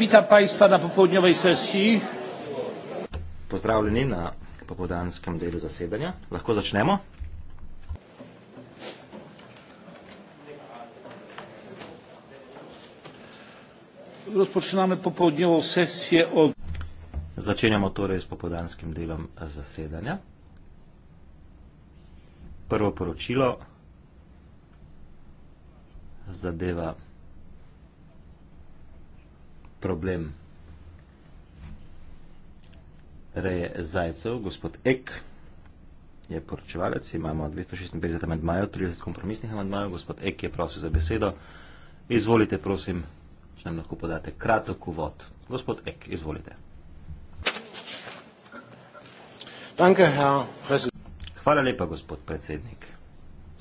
Witam Państwa na popołudniowej sesji. Pozdrawiam na popołudniowym delu zasiedzenia. Lekko zaczniemy. Rozpoczynamy popołudniową sesję od. Zaczynamy torej z popołudniowym delem zasiedzenia. Pierwsze poruczilo zadewa problem. Reje Zajcev, gospod Ek, je poročevalec, imamo 256 amandmajev, 30 kompromisnih amandmajev, gospod Ek je prosil za besedo. Izvolite, prosim, če nam lahko podate kratek uvod. Gospod Ek, izvolite. Danke, Herr Hvala lepa, gospod predsednik.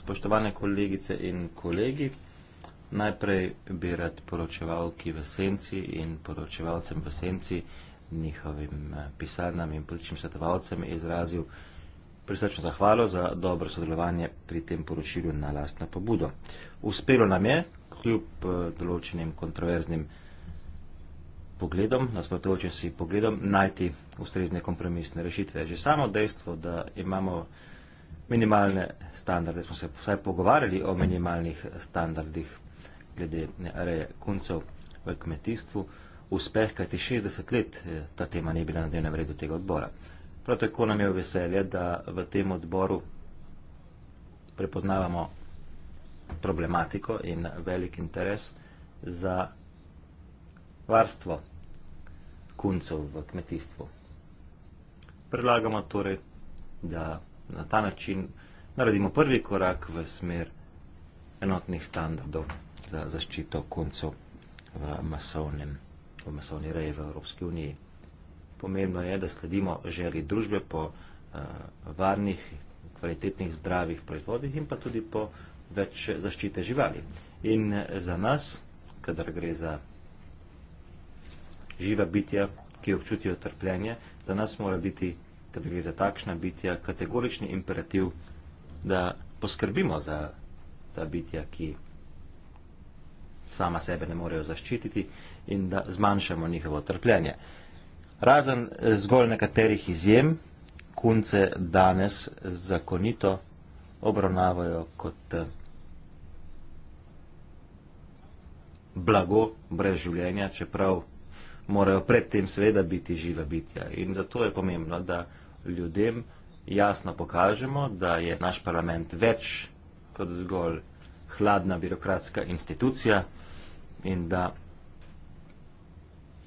Spoštovane kolegice in kolegi, Najprej bi rad poročevalki v senci in poročevalcem v senci, njihovim eh, pisarnam in političnim svetovalcem izrazil prisrčno zahvalo za dobro sodelovanje pri tem poročilu na lastno pobudo. Uspelo nam je, kljub eh, določenim kontroverznim pogledom, nasprotujočim si pogledom, najti ustrezne kompromisne rešitve. Že samo dejstvo, da imamo minimalne standarde, smo se vsaj pogovarjali o minimalnih standardih glede areje koncev v kmetijstvu uspeh, kajti 60 let eh, ta tema ne bila na dnevnem redu tega odbora. Prav tako nam je v veselje, da v tem odboru prepoznavamo problematiko in velik interes za varstvo kuncev v kmetijstvu. Predlagamo torej, da na ta način naredimo prvi korak v smer enotnih standardov za zaščito koncev v masovnem, v masovni reji v Evropski uniji. Pomembno je, da sledimo želi družbe po uh, varnih, kvalitetnih, zdravih proizvodih in pa tudi po več zaščite živali. In eh, za nas, kadar gre za živa bitja, ki občutijo trpljenje, za nas mora biti, kadar gre za takšna bitja, kategorični imperativ, da poskrbimo za ta bitja, ki sama sebe ne morejo zaščititi in da zmanjšamo njihovo trpljenje. Razen eh, zgolj nekaterih izjem, kunce danes zakonito obravnavajo kot eh, blago brez življenja, čeprav morajo pred tem seveda biti živa bitja. In zato je pomembno, da ljudem jasno pokažemo, da je naš parlament več kot zgolj hladna birokratska institucija in da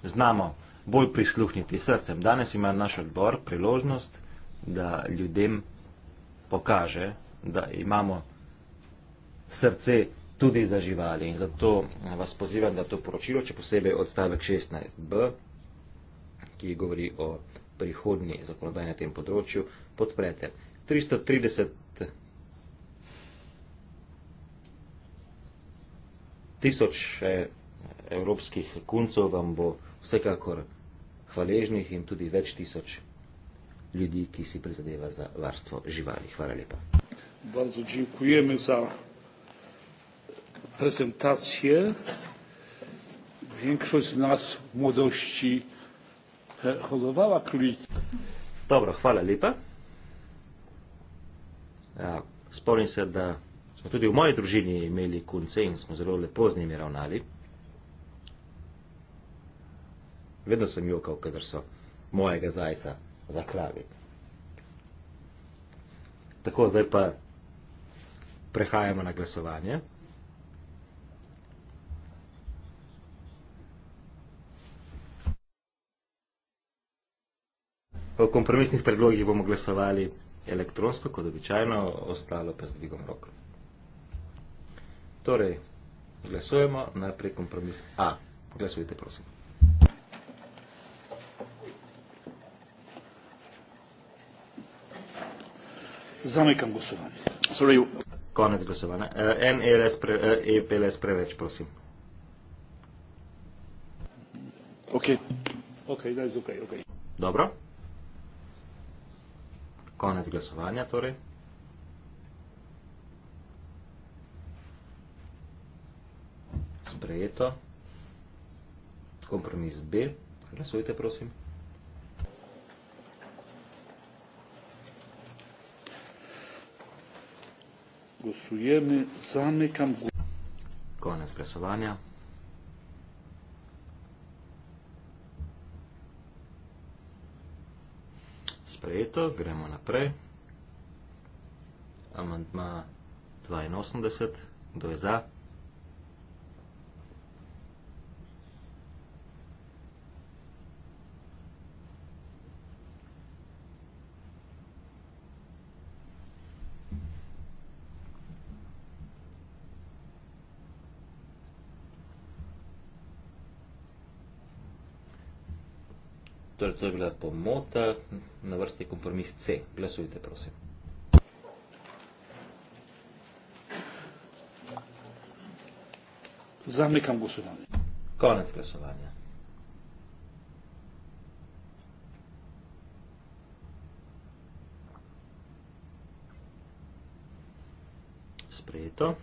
znamo bolj prisluhniti srcem. Danes ima naš odbor priložnost, da ljudem pokaže, da imamo srce tudi za živali. In zato vas pozivam, da to poročilo, če posebej odstavek 16b, ki govori o prihodnji zakonodaji na tem področju, podprete. 330 tisoč eh, evropskih kuncov vam bo vsekakor hvaležnih in tudi več tisoč ljudi, ki si prizadeva za varstvo živali. Hvala lepa. Bardzo dziękujemy za prezentację. Większość z nas w młodości e, hodowała królika. Dobro, chwala lipa. Ja, Spomnij się, że da smo tudi v moji družini imeli kunce in smo zelo lepo z njimi ravnali. Vedno sem jokal, kadar so mojega zajca zaklavi. Tako, zdaj pa prehajamo na glasovanje. O kompromisnih predlogih bomo glasovali elektronsko, kot običajno, ostalo pa z dvigom roko. Torej, glasujemo najprej kompromis A. Glasujte, prosim. Zamekam glasovanje. Sorry. Konec glasovanja. En ELS, pre, EPLS e, preveč, prosim. Ok, ok, da je zukaj, ok. Dobro. Konec glasovanja, torej. sprejeto. Kompromis B. Glasujte, prosim. Glasujemo za nekam. Konec glasovanja. Sprejeto, gremo naprej. Amandma 82, kdo je za? Torej, to je bila pomota, na vrsti kompromis C. Glasujte, prosim. Zamekam glasovanje. Konec glasovanja. Sprejeto.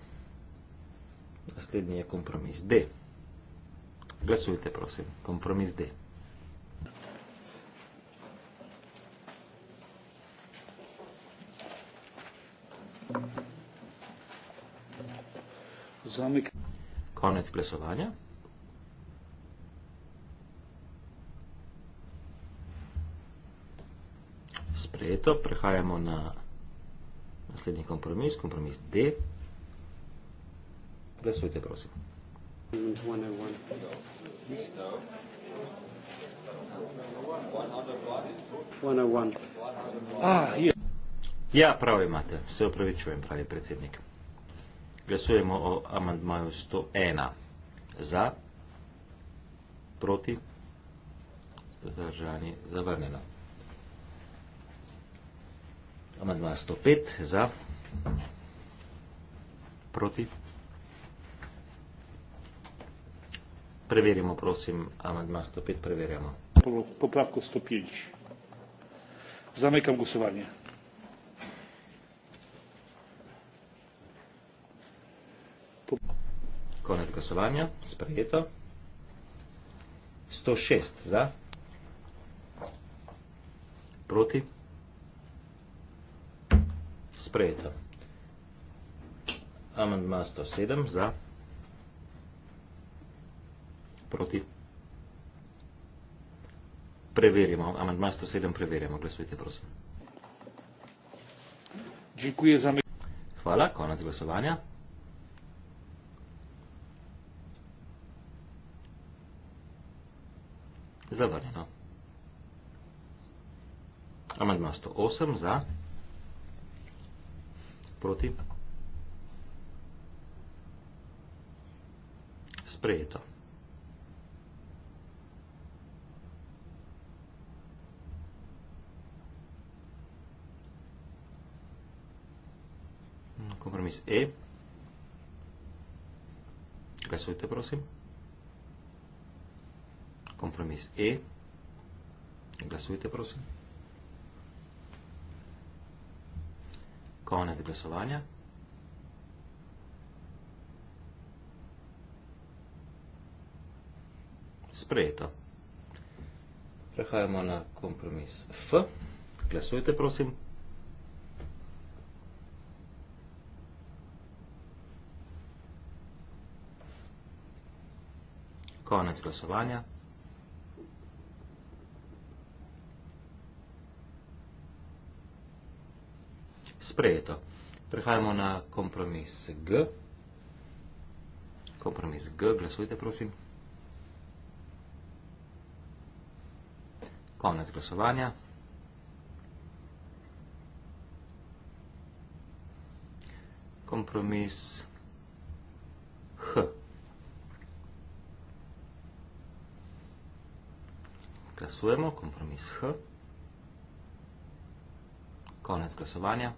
Naslednji je kompromis D. Glasujte, prosim. Kompromis D. posameznik. Konec glasovanja. Sprejeto, prehajamo na naslednji kompromis, kompromis D. Glasujte, prosim. Oh ja, prav imate, se upravičujem, pravi predsednik. Glasujemo o amandmaju 101. Za, proti, zdržanje, zavrnjeno. Amandmaj 105. Za, proti. Preverimo, prosim, amandmaj 105. Preverjamo. Popravko 105. Zamekam glasovanje. konec glasovanja, sprejeto. 106 za, proti, sprejeto. Amandma 107 za, proti. Preverimo, amandma 107 preverimo, glasujte prosim. Dziękuję za Hvala, konec glasovanja. Zavrnjeno. Amandma 108 za. Proti. Sprejeto. Kompromis E. Glasujte, prosim. Компромис Е. Гласуйте, просим. Конец гласования. Sprejeto. Prehajamo na kompromis F. Glasujte, prosim. Konec glasovanja. sprejeto. Prehajamo na kompromis G. Kompromis G, glasujte, prosim. Konec glasovanja. Kompromis H. Glasujemo, kompromis H. Konec glasovanja.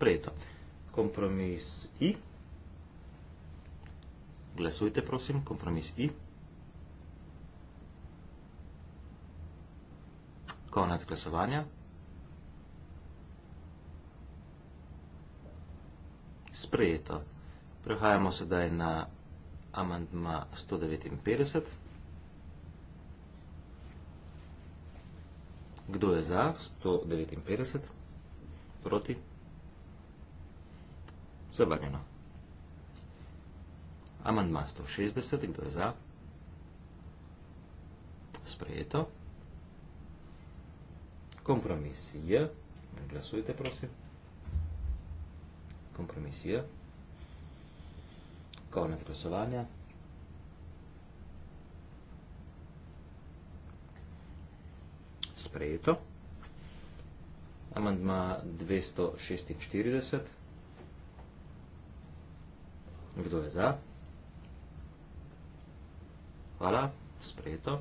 sprejeto. Kompromis I. Glasujte, prosim. Kompromis I. Konec glasovanja. Sprejeto. Prehajamo sedaj na amandma 159. Kdo je za? 159. Proti? 159 zavrnjeno. Amandma 160, kdo je za? Sprejeto. Kompromis je, glasujte prosim. Kompromis je. Konec glasovanja. Sprejeto. Amandma 246. Kdo je za? Hvala, sprejeto.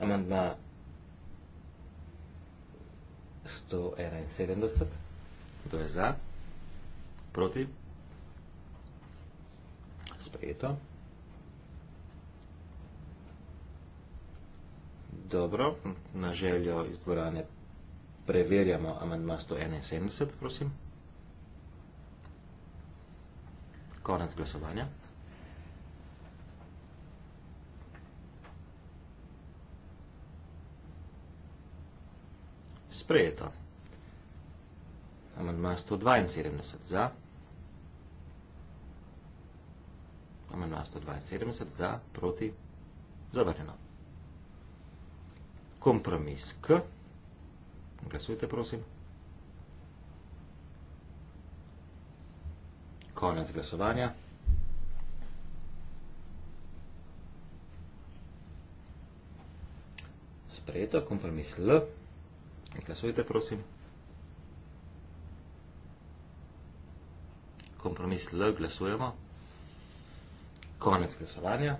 Amandma 171. Kdo je za? Proti? Sprejeto. Dobro, na željo iz dvorane preverjamo amandma 171, prosim. Konec glasovanja. Sprejeto. Amandma 172 za. Amandma 172 za, proti, zavrnjeno компромис К. Гласуйте, просим. Конец гласования. Sprejeto, kompromis L. Glasujte, prosim. Kompromis L, glasujemo. Konec glasovanja.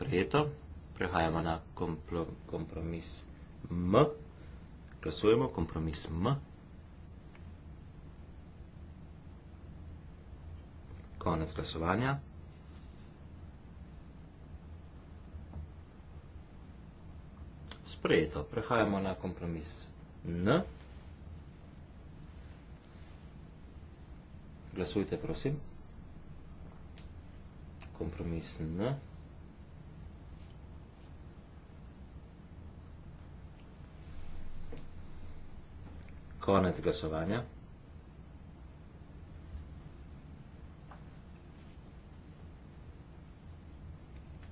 sprejeto. Prehajamo na kompromis M. Glasujemo kompromis M. Konec glasovanja. Sprejeto. Prehajamo na kompromis N. Glasujte, prosim. Kompromis N. Kompromis N. konec glasovanja.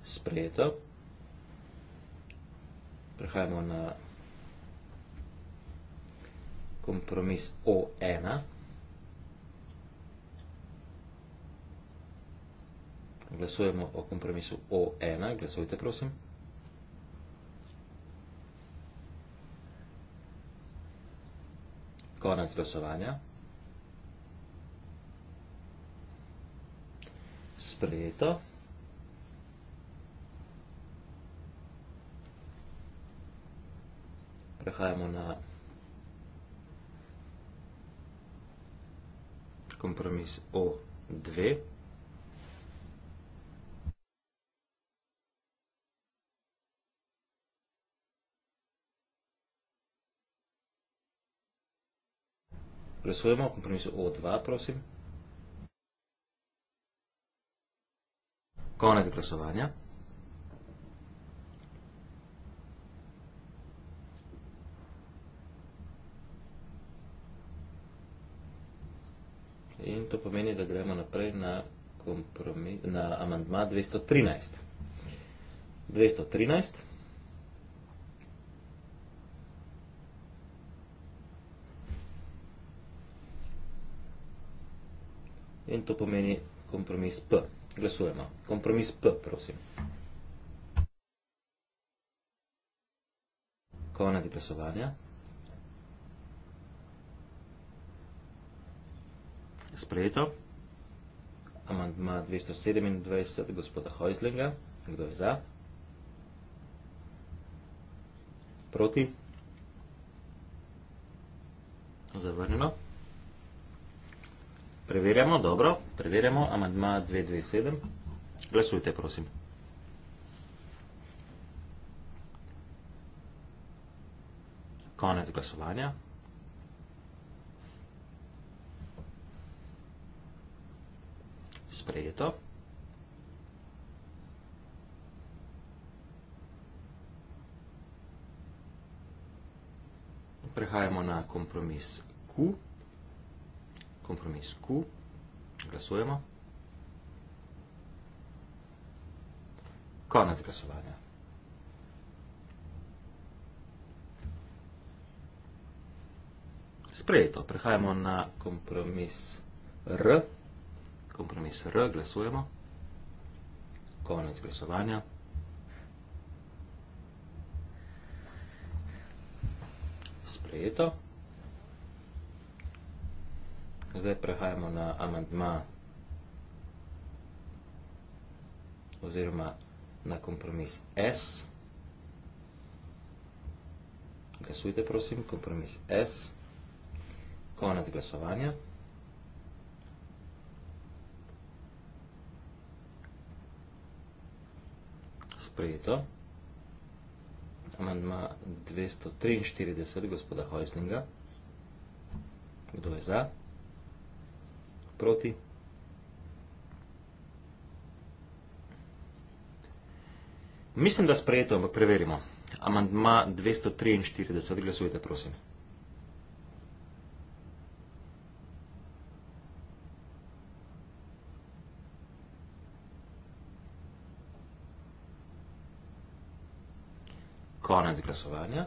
Sprejeto. Prehajamo na kompromis O1. Glasujemo o kompromisu O1. Glasujte, prosim. koniec glasovanja. Sprejeto. Prehajamo na kompromis O2. Glasujemo o kompromisu O2, prosim. Konec glasovanja. In to pomeni, da gremo naprej na, na amandma 213. 213. in to pomeni kompromis P. Glasujemo. Kompromis P, prosim. Konec glasovanja. Sprejeto. Amandma 227 gospoda Hojzlinga. Kdo je za? Proti? Zavrnjeno. Zavrnjeno. Preverjamo, dobro, preverjamo, amadma 227. Glasujte, prosim. Konec glasovanja. Sprejeto. Prehajamo na kompromis Q. Q kompromis Q, glasujemo. Konec glasovanja. Sprejeto, prehajamo na kompromis R. Kompromis R, glasujemo. Konec glasovanja. Sprejeto. Sprejeto. Zdaj prehajamo na amandma oziroma na kompromis S. Glasujte, prosim, kompromis S. Konec glasovanja. Sprejeto. Amandma 243 gospoda Hojslinga. Kdo je za? Kdo je za? proti. Mislim, da sprejeto, ampak preverimo. Amandma 243, glasujte, prosim. Konec glasovanja.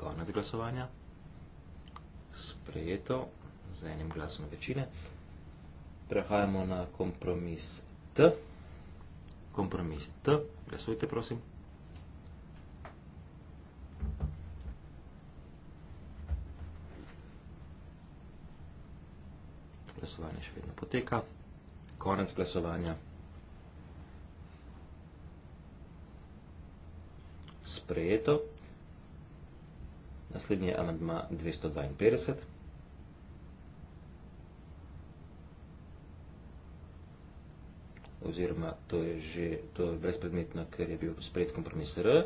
Konec glasovanja. Sprejeto z enim glasom večine. Prehajamo na kompromis T. Kompromis T, glasujte, prosim. Glasovanje še vedno poteka. Konec glasovanja. Sprejeto. Naslednji je amadma 252. 252. oziroma to je že to je brezpredmetno, ker je bil sprejet kompromis R,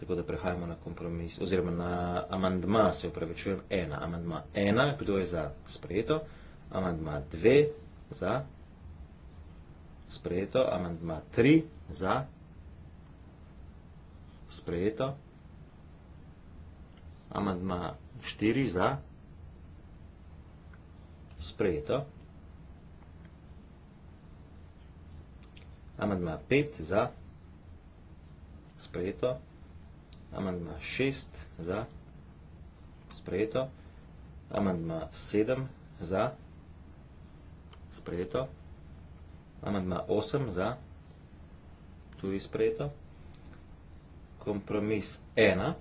tako da prehajamo na kompromis, oziroma na amandma, se upravičujem, ena. Amandma ena, kdo je za sprejeto, amandma dve za sprejeto, amandma tri za sprejeto, amandma štiri za sprejeto. Amandma 5 za sprejeto. Amandma 6 za sprejeto. Amandma 7 za sprejeto. Amandma 8 za tudi sprejeto. Kompromis 1.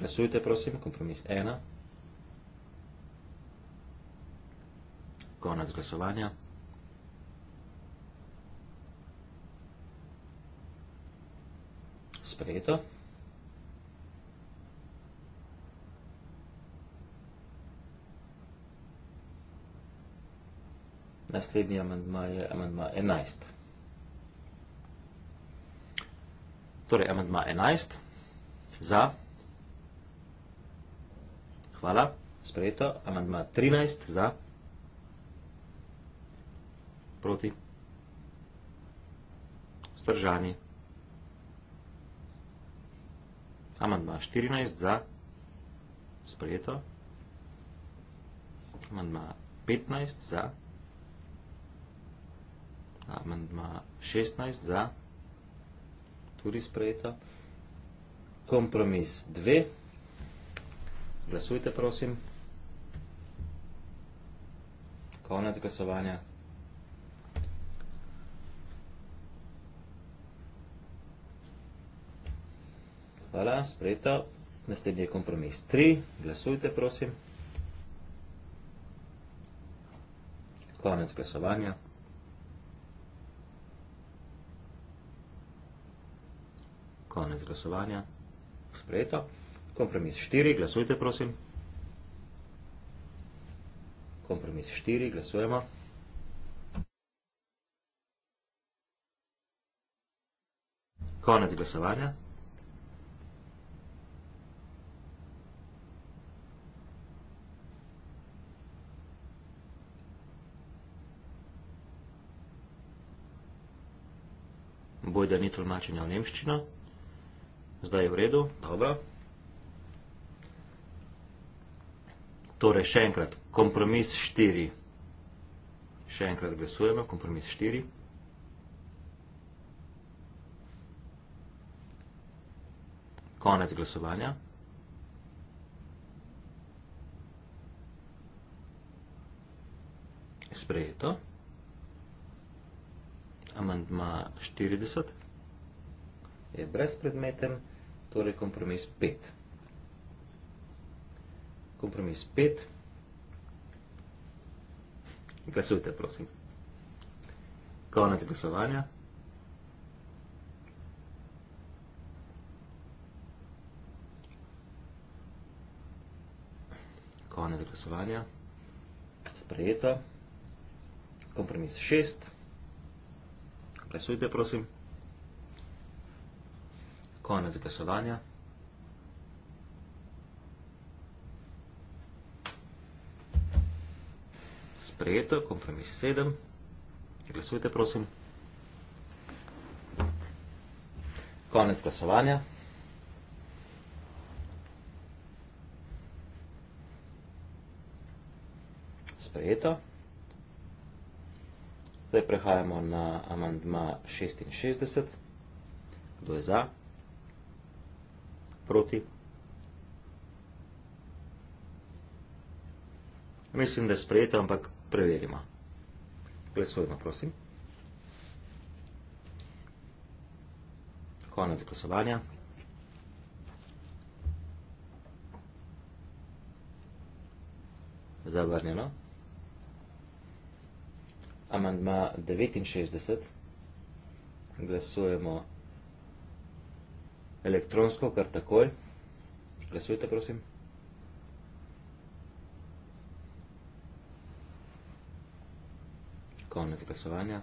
Glasujte, prosim, kompromis 1. Konec glasovanja. sprejeto. Naslednji amendma je amendma 11. Torej, amendma 11 za. Hvala, sprejeto. Amendma 13 za. Proti. Zdržani. Amandma 14 za sprejeto. Amandma 15 za. Amandma 16 za. Tudi sprejeto. Kompromis 2. Glasujte, prosim. Konec glasovanja. Hvala, sprejeto. Naslednji je kompromis. Tri, glasujte, prosim. Konec glasovanja. Konec glasovanja. Sprejeto. Kompromis štiri, glasujte, prosim. Kompromis štiri, glasujemo. Konec glasovanja. da ni tolmačenja v nemščino. Zdaj je v redu, dobro. Torej, še enkrat, kompromis 4. Še enkrat glasujemo, kompromis 4. Konec glasovanja. Sprejeto amantma 40 je brezpredmeten, torej kompromis 5. Kompromis 5. Glasujte, prosim. Konec glasovanja. Konec glasovanja. Sprejeto. Kompromis 6. Kompromis 6. Glasujte, prosim. Konec glasovanja. Sprejeto, kompromis 7. Glasujte, prosim. Konec glasovanja. Sprejeto. Zdaj prehajamo na amandma 66. Kdo je za? Proti? Mislim, da je sprejeto, ampak preverimo. Glesujemo, prosim. Konec glasovanja. Zavrnjeno. Zavrnjeno amandma 69. Glasujemo elektronsko, kar takoj. Glasujte, prosim. Konec glasovanja.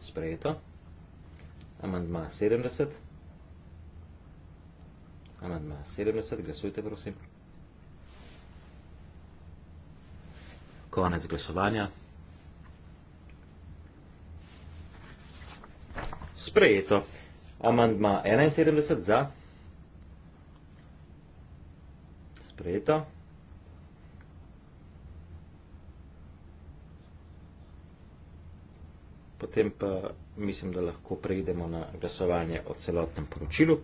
Sprejeto. Amandma 70. Amandma 70. Glasujte, prosim. konec glasovanja. Sprejeto. Amandma 71 za. Sprejeto. Potem pa mislim, da lahko preidemo na glasovanje o celotnem poročilu.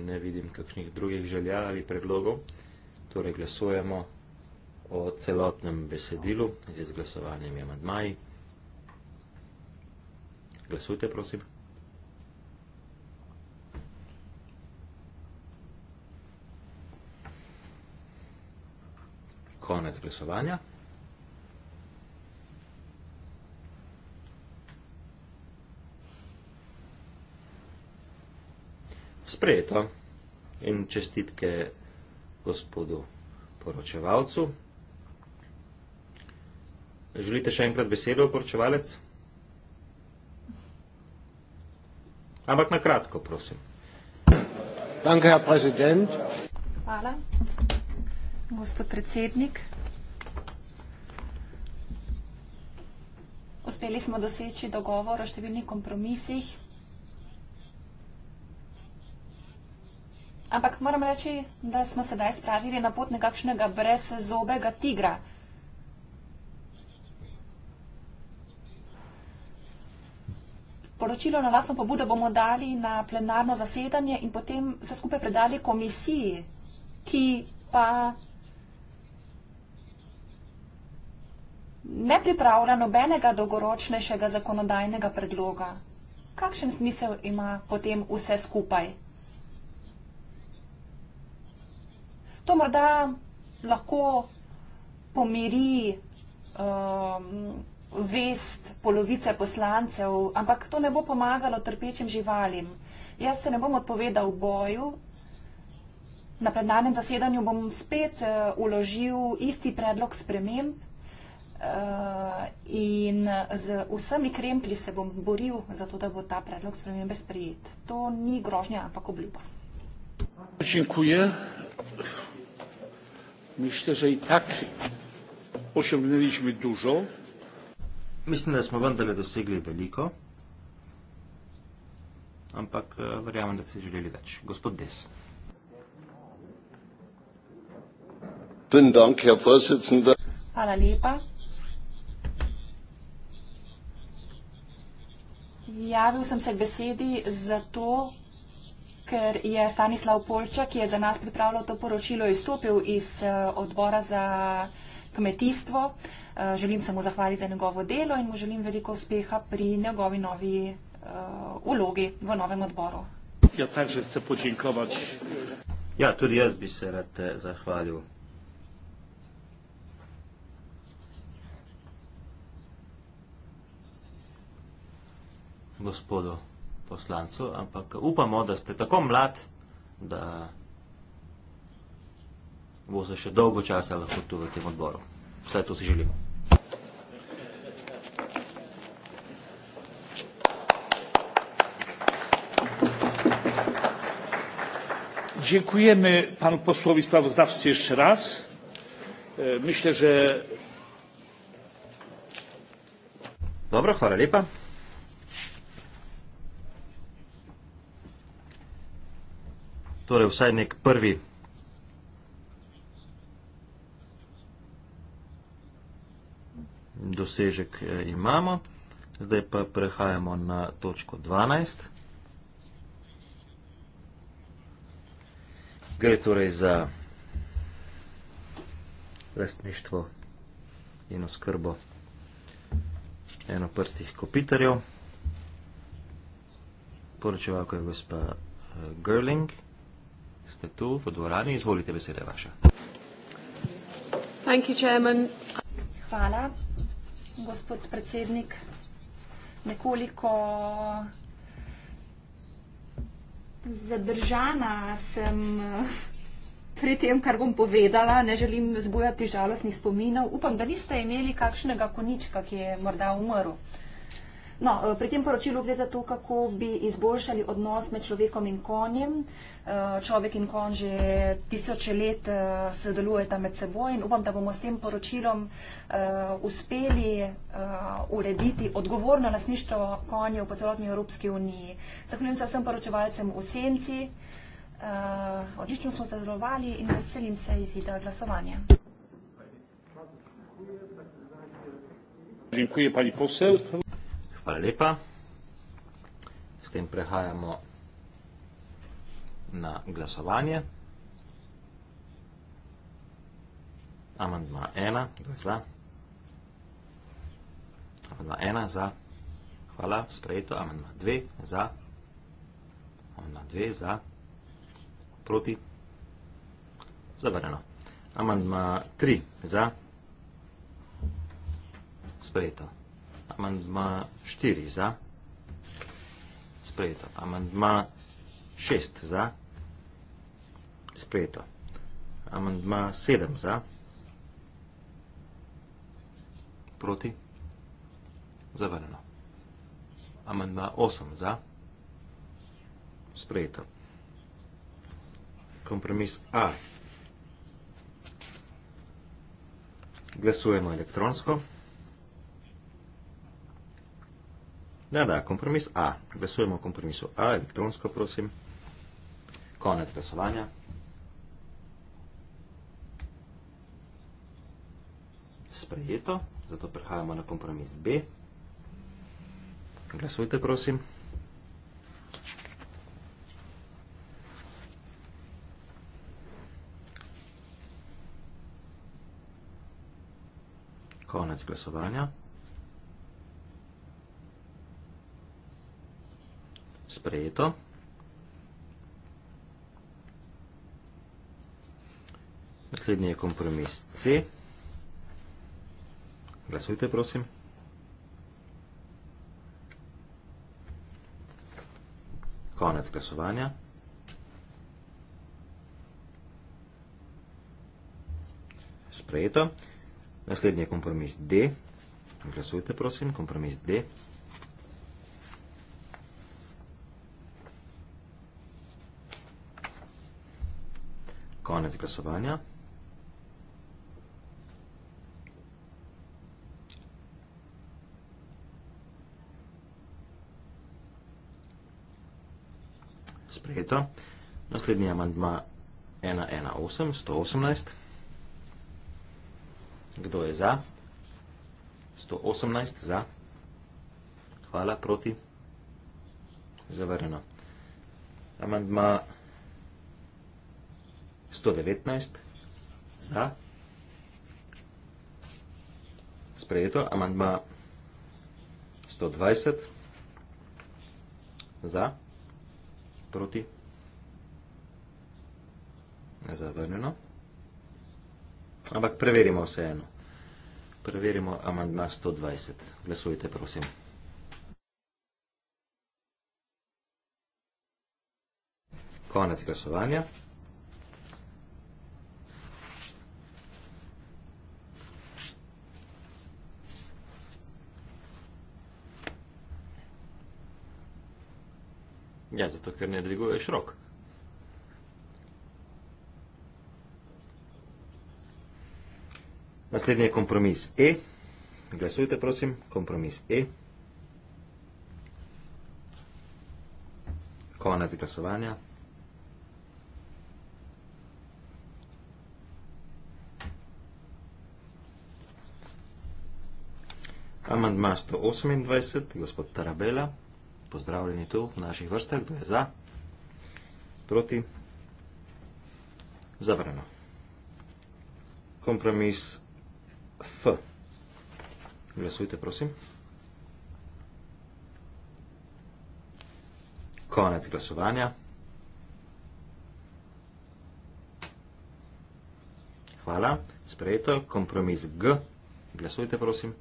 Ne vidim kakšnih drugih želja ali predlogov torej glasujemo o celotnem besedilu z izglasovanjem amadmaji. Glasujte, prosim. Konec glasovanja. Sprejeto in čestitke gospodu poročevalcu. Želite še enkrat besedo, poročevalec? Ampak na kratko, prosim. Danke, Hvala, gospod predsednik. Uspeli smo doseči dogovor o številnih kompromisih, Ampak moram reči, da smo sedaj spravili na pot nekakšnega brezzobega tigra. Poročilo na lasno pobudo bomo dali na plenarno zasedanje in potem se skupaj predali komisiji, ki pa ne pripravlja nobenega dolgoročnejšega zakonodajnega predloga. Kakšen smisel ima potem vse skupaj? To morda lahko pomiri um, vest polovice poslancev, ampak to ne bo pomagalo trpečim živalim. Jaz se ne bom odpovedal v boju. Na plenarnem zasedanju bom spet uh, uložil isti predlog sprememb uh, in z vsemi krempli se bom boril za to, da bo ta predlog spremembe sprejet. To ni grožnja, ampak obljuba. Dziękuję. Myślę, że i tak osiągnęliśmy dużo. Myślę, że wendale dosegli veliko. Ampak e, verjamem, da ste želeli več. Gospod Des. Hvala lepa. Javil sem se k besedi zato, ker je Stanislav Polča, ki je za nas pripravljal to poročilo, izstopil iz eh, odbora za kmetijstvo. Eh, želim se mu zahvaliti za njegovo delo in mu želim veliko uspeha pri njegovi novi ulogi eh, v novem odboru. Ja, takže se počinkovač. Ja, tudi jaz bi se rad zahvalil. gospodo poslancu, ampak upamo, da ste tako mlad, da bo se še dolgo časa lahko tu v tem odboru. Vse to si želimo. Dziękujemy panu posłowi sprawozdawcy jeszcze raz. E, myślę, że... Dobra, chwała lepa. torej vsaj nek prvi. Dosežek eh, imamo, zdaj pa prehajamo na točko 12. Gre torej za lastništvo in oskrbo enoprstih kopitarjev. Poročevalka je gospa eh, Gerling ste tu v dvorani. Izvolite, beseda je vaša. Thank you, chairman. Hvala, gospod predsednik. Nekoliko zadržana sem pri tem, kar bom povedala. Ne želim zbujati žalostnih spominov. Upam, da niste imeli kakšnega konička, ki je morda umrl. No, eh, pri tem poročilu gre za to, kako bi izboljšali odnos med človekom in konjem. Eh, človek in konj že tisoče let eh, sodelujeta med seboj in upam, da bomo s tem poročilom uspeli urediti odgovorno lasništvo konjev po celotni Evropski uniji. Zahvaljujem se vsem poročevalcem v Senci. Odlično smo sodelovali in veselim se izida glasovanja. Dziękuję pani poseł. Hvala lepa. S tem prehajamo na glasovanje. Amandma ena za. Amandma ena za. Hvala, sprejeto. Amandma dve za. Amandma dve za. Proti. Zavrneno. Amandma tri za. Sprejeto. Amandma 4 za. Sprejeto. Amandma 6 za. Sprejeto. Amandma 7 za. Proti. Zavrneno. Amandma 8 za. Sprejeto. Kompromis A. Glasujemo elektronsko. Glasujemo elektronsko. Ne, da, kompromis A. Glasujemo o kompromisu A, elektronsko, prosim. Konec glasovanja. Sprejeto, zato prehajamo na kompromis B. Glasujte, prosim. Konec glasovanja. sprejeto. Naslednji je kompromis C. Glasujte, prosim. Konec glasovanja. Sprejeto. Naslednji je kompromis D. Glasujte, prosim, kompromis D. Glasujte, prosim. konec glasovanja. Sprejeto. Naslednji amandma 118, 118. Kdo je za? 118 za. Hvala, proti. Zavrneno. Amandma 119 za. Sprejeto. Amandma 120 za. Proti. Zavrnjeno. Ampak preverimo vseeno. Preverimo amandma 120. Glesujte, prosim. Konec glasovanja. Ja, zato ker ne dviguješ rok. Naslednji je kompromis E. Glasujte, prosim. Kompromis E. Konec glasovanja. Amandma 128, gospod Tarabela pozdravljeni tu, v naših vrstah, kdo je za, proti, zavrano. Kompromis F. Glasujte, prosim. Konec glasovanja. Hvala. Sprejeto. Kompromis G. Glasujte, prosim.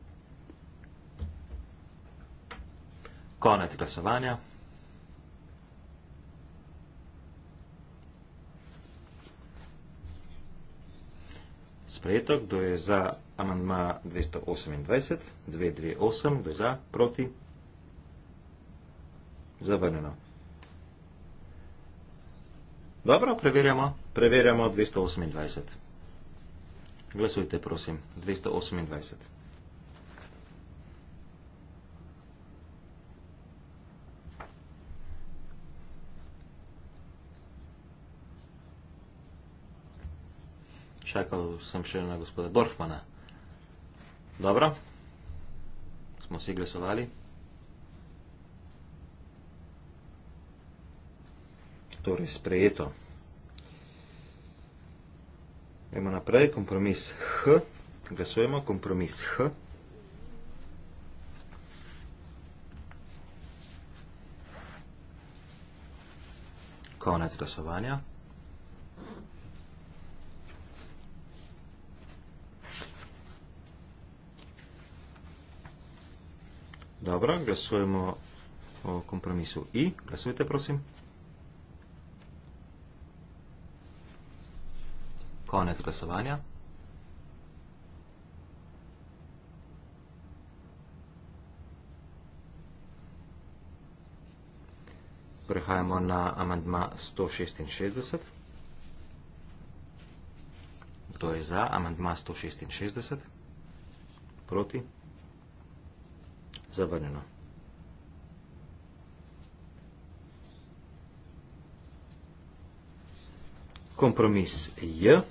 Konec glasovanja. Sprejeto, kdo je za amandma 228, 228, kdo je za, proti, zavrneno. Dobro, preverjamo, preverjamo 228. Glasujte, prosim, 228. 228. čakal sem še na gospoda Dorfmana. Dobro, smo si glasovali. Torej, sprejeto. Gremo naprej, kompromis H, glasujemo kompromis H. Konec glasovanja. Dobro, glasujemo o kompromisu I. Glasujte, prosim. Konec glasovanja. Prehajamo na amandma 166. Kdo je za amandma 166? Proti? Proti? zavrnjeno. Kompromis J.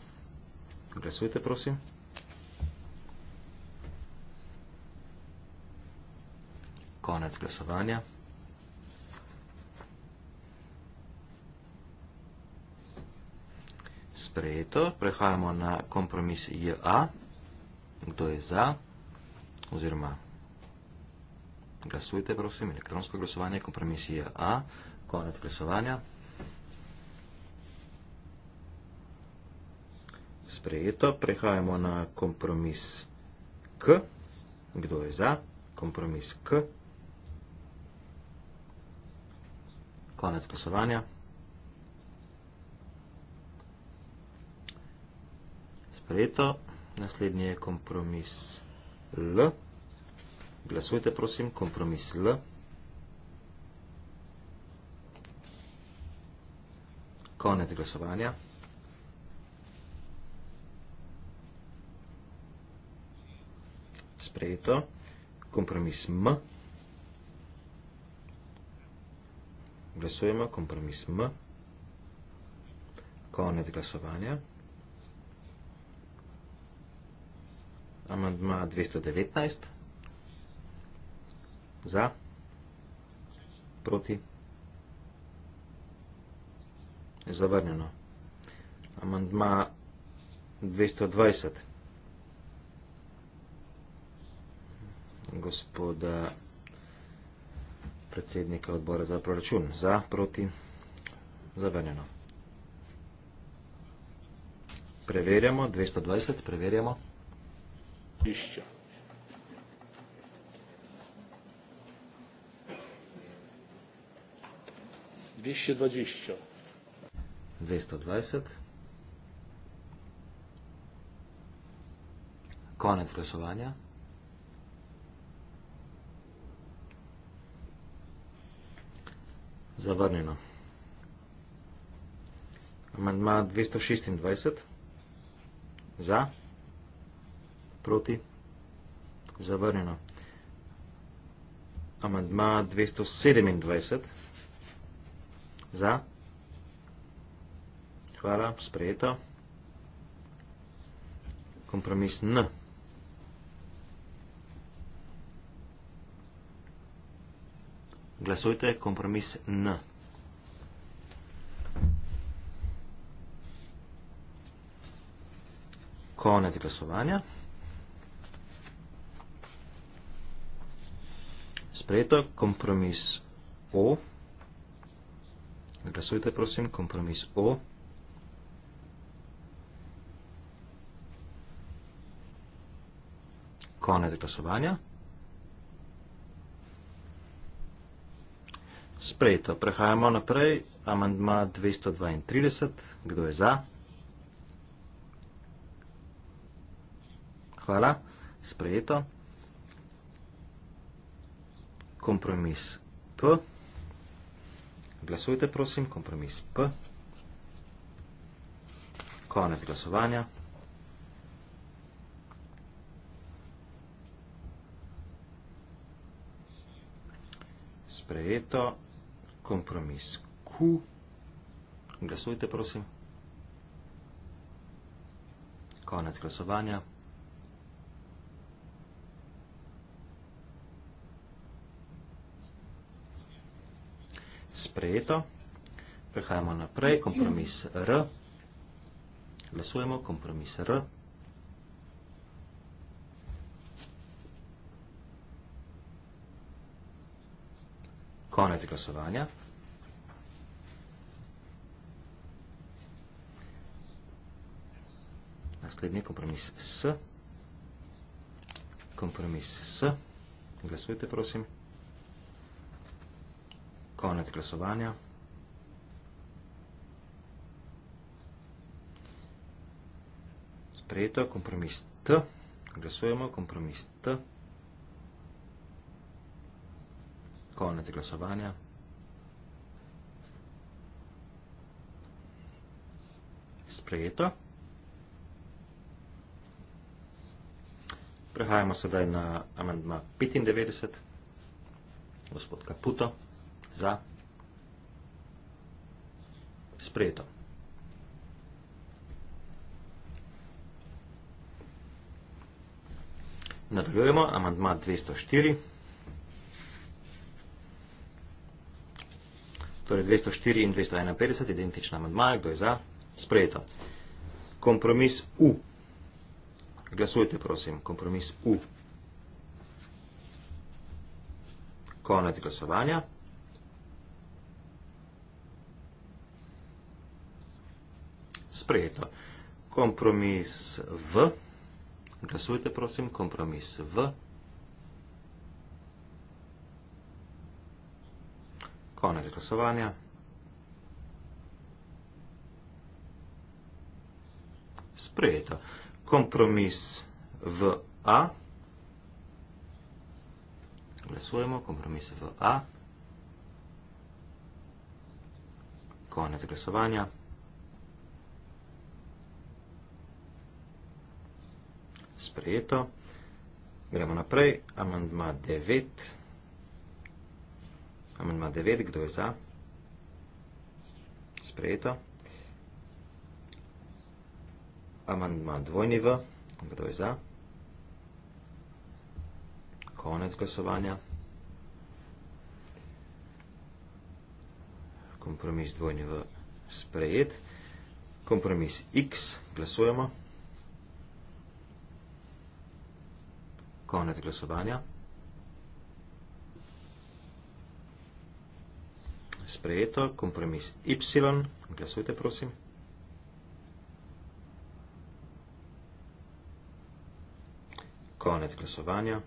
Glasujte, prosim. Konec glasovanja. Sprejeto. Prehajamo na kompromis JA. Kdo je za? Oziroma, Glasujte, prosim, elektronsko glasovanje, kompromisija A, konec glasovanja. Sprejeto, prehajamo na kompromis K. Kdo je za? Kompromis K. Konec glasovanja. Sprejeto, naslednji je kompromis L. L. Glasujte, prosim, kompromis L. Konec glasovanja. Sprejeto. Kompromis M. Glasujemo, kompromis M. Konec glasovanja. Amandma 219. 219. За? Против? Е завърнено. Амандма 220. Господа председника отбора за проръчун. За? Против? Завърнено. Преверяме. 220. Преверяме. Пища. 220. 220. Konec glasovanja. Zavrnjeno. Amandma 226. Za. Proti. Zavrnjeno. Amandma 227. Za? Hvala, sprejeto. Kompromis N. Glasujte, kompromis N. Konec glasovanja. Sprejeto, kompromis O. O. Hlasujte, prosím, kompromis O. Konec glasovanja. Sprejeto. Prehajamo naprej. Amandma 232. Kdo je za? Hvala. Sprejeto. Kompromis P. Kompromis P. Glasujte, prosim, kompromis P. Konec glasovanja. Sprejeto. Kompromis Q. Glasujte, prosim. Konec glasovanja. Konec glasovanja. sprejeto. Prehajamo naprej, kompromis R. Glasujemo, kompromis R. Konec glasovanja. Naslednji kompromis S. Kompromis S. Glasujte, prosim. Kompromis S konec glasovanja. Sprejeto, kompromis T. Glasujemo, kompromis T. Konec glasovanja. Sprejeto. Prehajamo sedaj na amendma 95, gospod Kaputo. Za. Sprejeto. Nadaljujemo, amantma 204. Torej 204 in 251, identična amantma, kdo je za? Sprejeto. Kompromis U. Glasujte, prosim, kompromis U. Konec glasovanja. Konec glasovanja. sprejeto. Kompromis v, glasujte prosim, kompromis v, konec glasovanja, sprejeto. Kompromis v A, glasujemo, kompromis v A, konec glasovanja, sprejeto. sprejeto. Gremo naprej. Amendma 9. Amendma 9. Kdo je za? Sprejeto. Amendma dvojni v. Kdo je za? Konec glasovanja. Kompromis dvojni v sprejet. Kompromis X. Glasujemo. Glasujemo. Konec glasovanja. Sprejeto, kompromis Y. Glasujte, prosim. Konec glasovanja.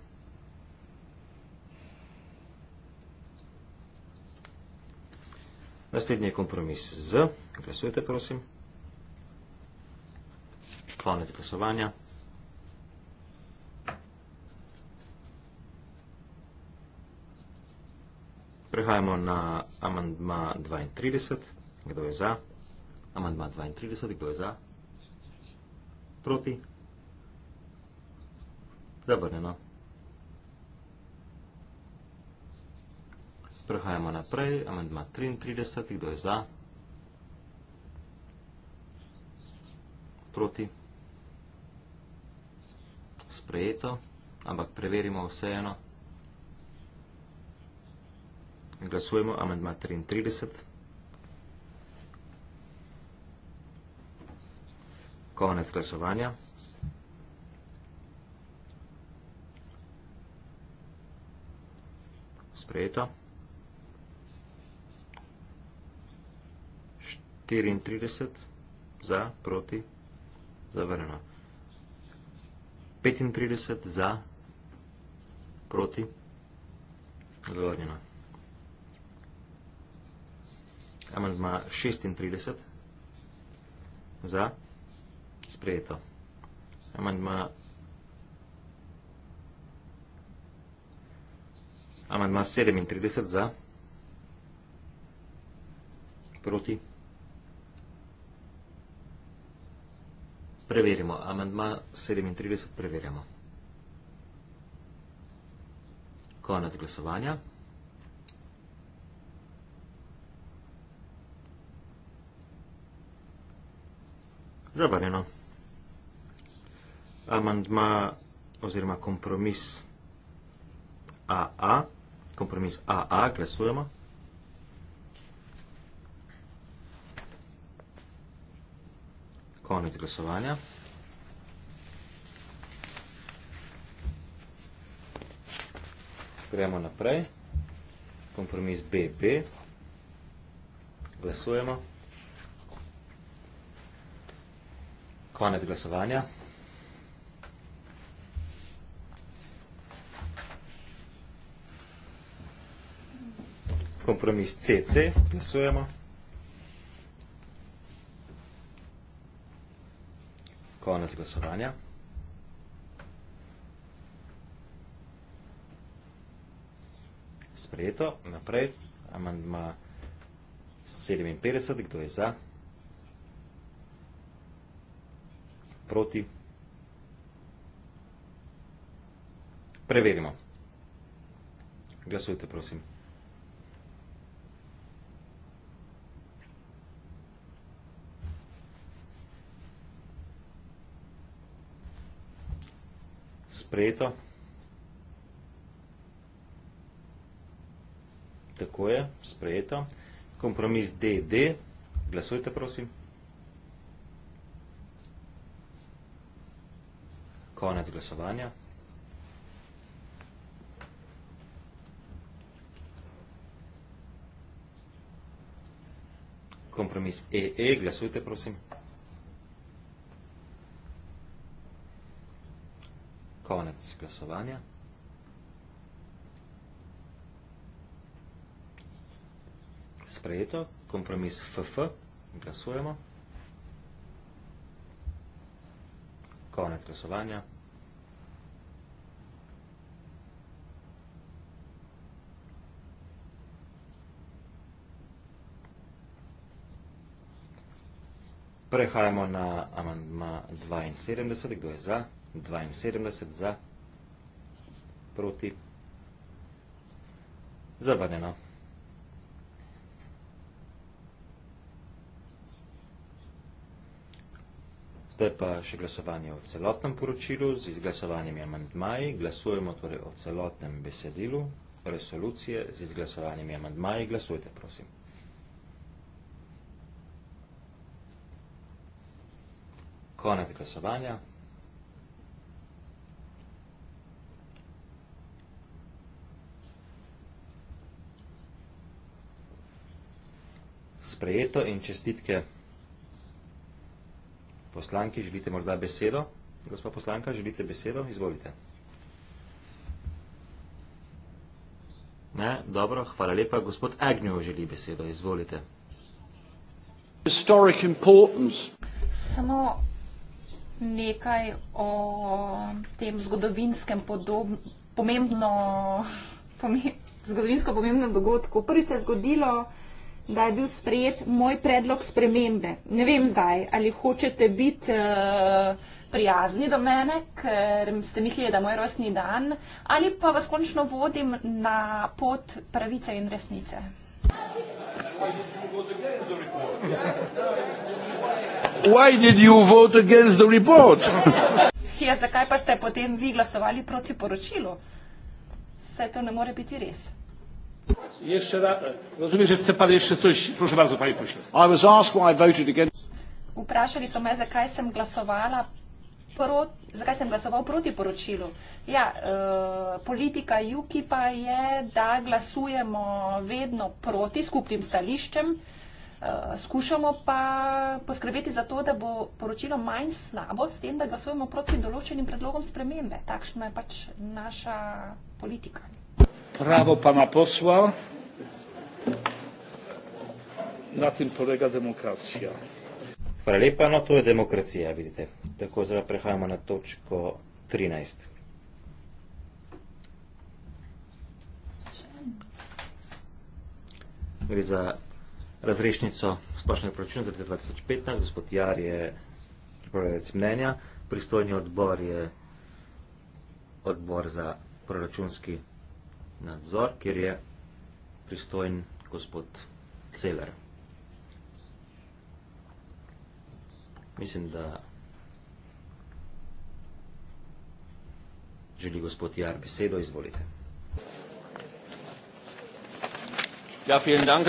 Naslednji je kompromis Z. Glasujte, prosim. Konec glasovanja. Prehajamo na amandma 32. Kdo je za? Amandma 32. Kdo je za? Proti? Zavrnjeno. Prehajamo naprej. Amandma 33. Kdo je za? Proti? Sprejeto. Ampak preverimo vseeno. eno. Glasujemo amendma 33. Konec glasovanja. Sprejeto. 34 za, proti, zavrnjeno. 35 za, proti, zavrnjeno amandma 36 za sprejeto. Amandma amandma 37 za proti preverimo. Amandma 37 preverjamo. Konec glasovanja. Zavarjeno. No. Amandma oziroma kompromis AA, kompromis AA, glasujemo. Konec glasovanja. Gremo naprej. Kompromis BB. Glasujemo. Glasujemo. konec glasovanja. Kompromis CC, glasujemo. Konec glasovanja. Sprejeto, naprej, amandma 57, kdo je za? proti. Preverimo. Glasujte, prosim. Sprejeto. Tako je, sprejeto. Kompromis DD. Glasujte, prosim. konec glasovanja. Kompromis EE, e, glasujte, prosim. Konec glasovanja. Sprejeto. Kompromis FF, glasujemo. Konec glasovanja. Prehajamo na amandma 72. Kdo je za? 72 za. Proti. Zavrneno. zdaj pa še glasovanje o celotnem poročilu z izglasovanimi amandmaji. Glasujemo torej o celotnem besedilu resolucije z izglasovanimi amandmaji. Glasujte, prosim. Konec glasovanja. Sprejeto in čestitke poslanki želite morda besedo? Gospa poslanka, želite besedo? Izvolite. Ne, dobro, hvala lepa. Gospod Agnew želi besedo, izvolite. Samo nekaj o tem zgodovinskem podobnem, pomembno, pome, zgodovinsko pomembnem dogodku. Prvi se je zgodilo da je bil sprejet moj predlog spremembe. Ne vem zdaj, ali hočete biti uh, prijazni do mene, ker ste mislili, da je moj rojstni dan, ali pa vas končno vodim na pot pravice in resnice. ja, zakaj pa ste potem vi glasovali proti poročilu? Saj to ne more biti res. Jeszcze raz, rozumiem, że chce pan jeszcze coś, proszę bardzo, panie pośle. I was asked why I voted against... Upraszali są mnie, zakaj jestem głosowała Zakaj sem glasoval proti poročilu? Ja, eh, politika UKIP-a je, da glasujemo vedno proti skupnim stališčem, eh, skušamo pa poskrbeti za to, da bo poročilo manj slabo s tem, da glasujemo proti določenim predlogom spremembe. Takšna je pač naša politika prawo pana posła. Na tym polega demokracja. Hvala lepa, no to je demokracija, vidite. Tako zdaj prehajamo na točko 13. Gre za razrešnico splošnega proračuna za 2015. Gospod Jar je pripravljalec mnenja, pristojni odbor je odbor za proračunski nadzor, kjer je pristojen gospod Celer. Mislim, da želi gospod Jar besedo, izvolite. Ja, dank,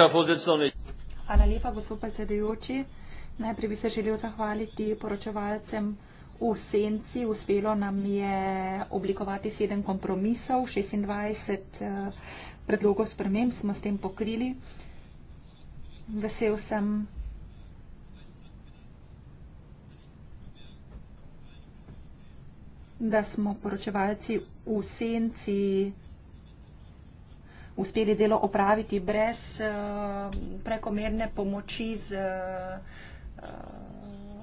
Hvala lepa, gospod predsedujoči. Najprej bi se želel zahvaliti poročevalcem V senci uspelo nam je oblikovati sedem kompromisov, 26 eh, predlogov sprememb smo s tem pokrili. Vesel sem. da smo poročevalci v senci uspeli delo opraviti brez uh, prekomerne pomoči z uh,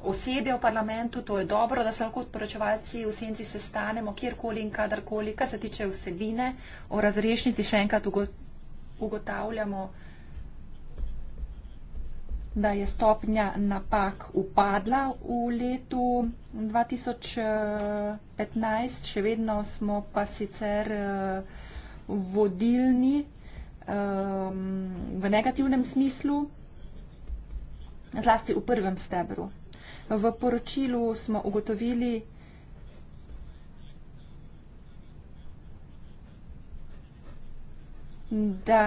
osebje v parlamentu, to je dobro, da se lahko poročevalci v senci sestanemo kjerkoli in kadarkoli, kar se tiče vsebine, o razrešnici še enkrat ugotavljamo, da je stopnja napak upadla v letu 2015, še vedno smo pa sicer vodilni v negativnem smislu, zlasti v prvem stebru. V poročilu smo ugotovili, da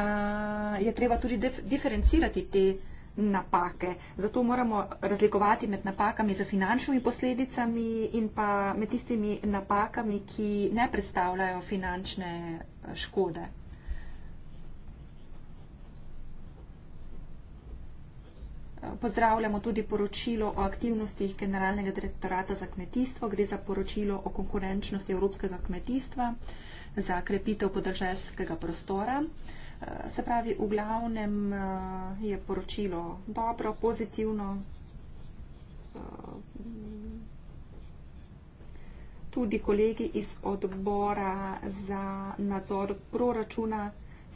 je treba tudi diferencirati te napake. Zato moramo razlikovati med napakami za finančnimi posledicami in pa med tistimi napakami, ki ne predstavljajo finančne škode. Pozdravljamo tudi poročilo o aktivnostih Generalnega direktorata za kmetijstvo. Gre za poročilo o konkurenčnosti evropskega kmetijstva za krepitev podržeskega prostora. Se pravi, v glavnem eh, je poročilo dobro, pozitivno. Eh, tudi kolegi iz odbora za nadzor proračuna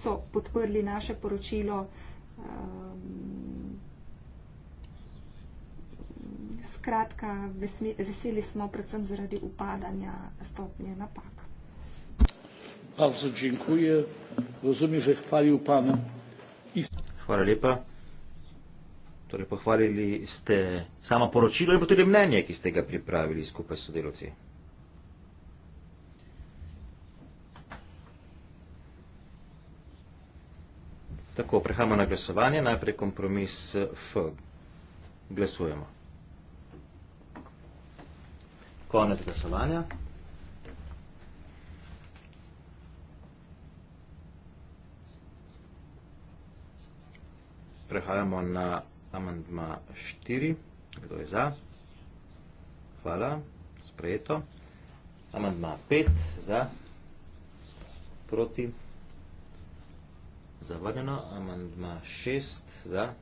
so podprli naše poročilo. Eh, skratka, veseli smo predvsem zaradi upadanja stopnje napak. Bardzo dziękuję. Rozumiem, że chwalił Pan. Hvala lepa. Torej, pohvalili ste samo poročilo in pa tudi mnenje, ki ste ga pripravili skupaj s sodelovci. Tako, prehajamo na glasovanje. Najprej kompromis F. Glasujemo. Konec glasovanja. Prehajamo na amandma 4. Kdo je za? Hvala. Sprejeto. Amandma 5. Za. Proti. Zavrnjeno. Amandma 6. Za.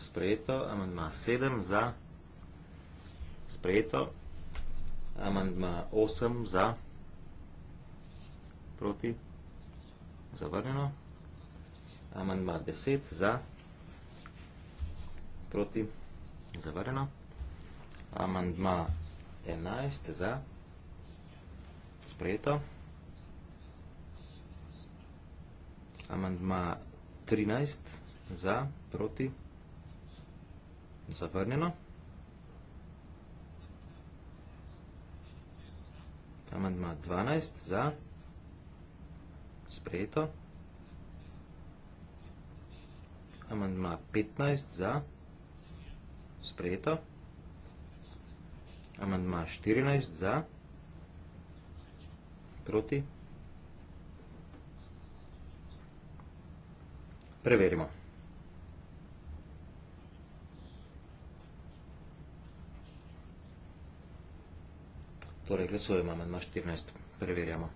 Sprejeto. Amandma 7. Za. Za sprejeto. Amandma 8 za, proti, zavrnjeno. Amandma 10 za, proti, zavrnjeno. Amandma 11 za, sprejeto. Amandma 13 za, proti, zavrnjeno. Amandma 13 za, proti, zavrnjeno. Amandma 12 za. Sprejeto. Amandma 15 za. Sprejeto. Amandma 14 za. Proti. Preverimo. Torej, glasujemo med 14. Preverjamo.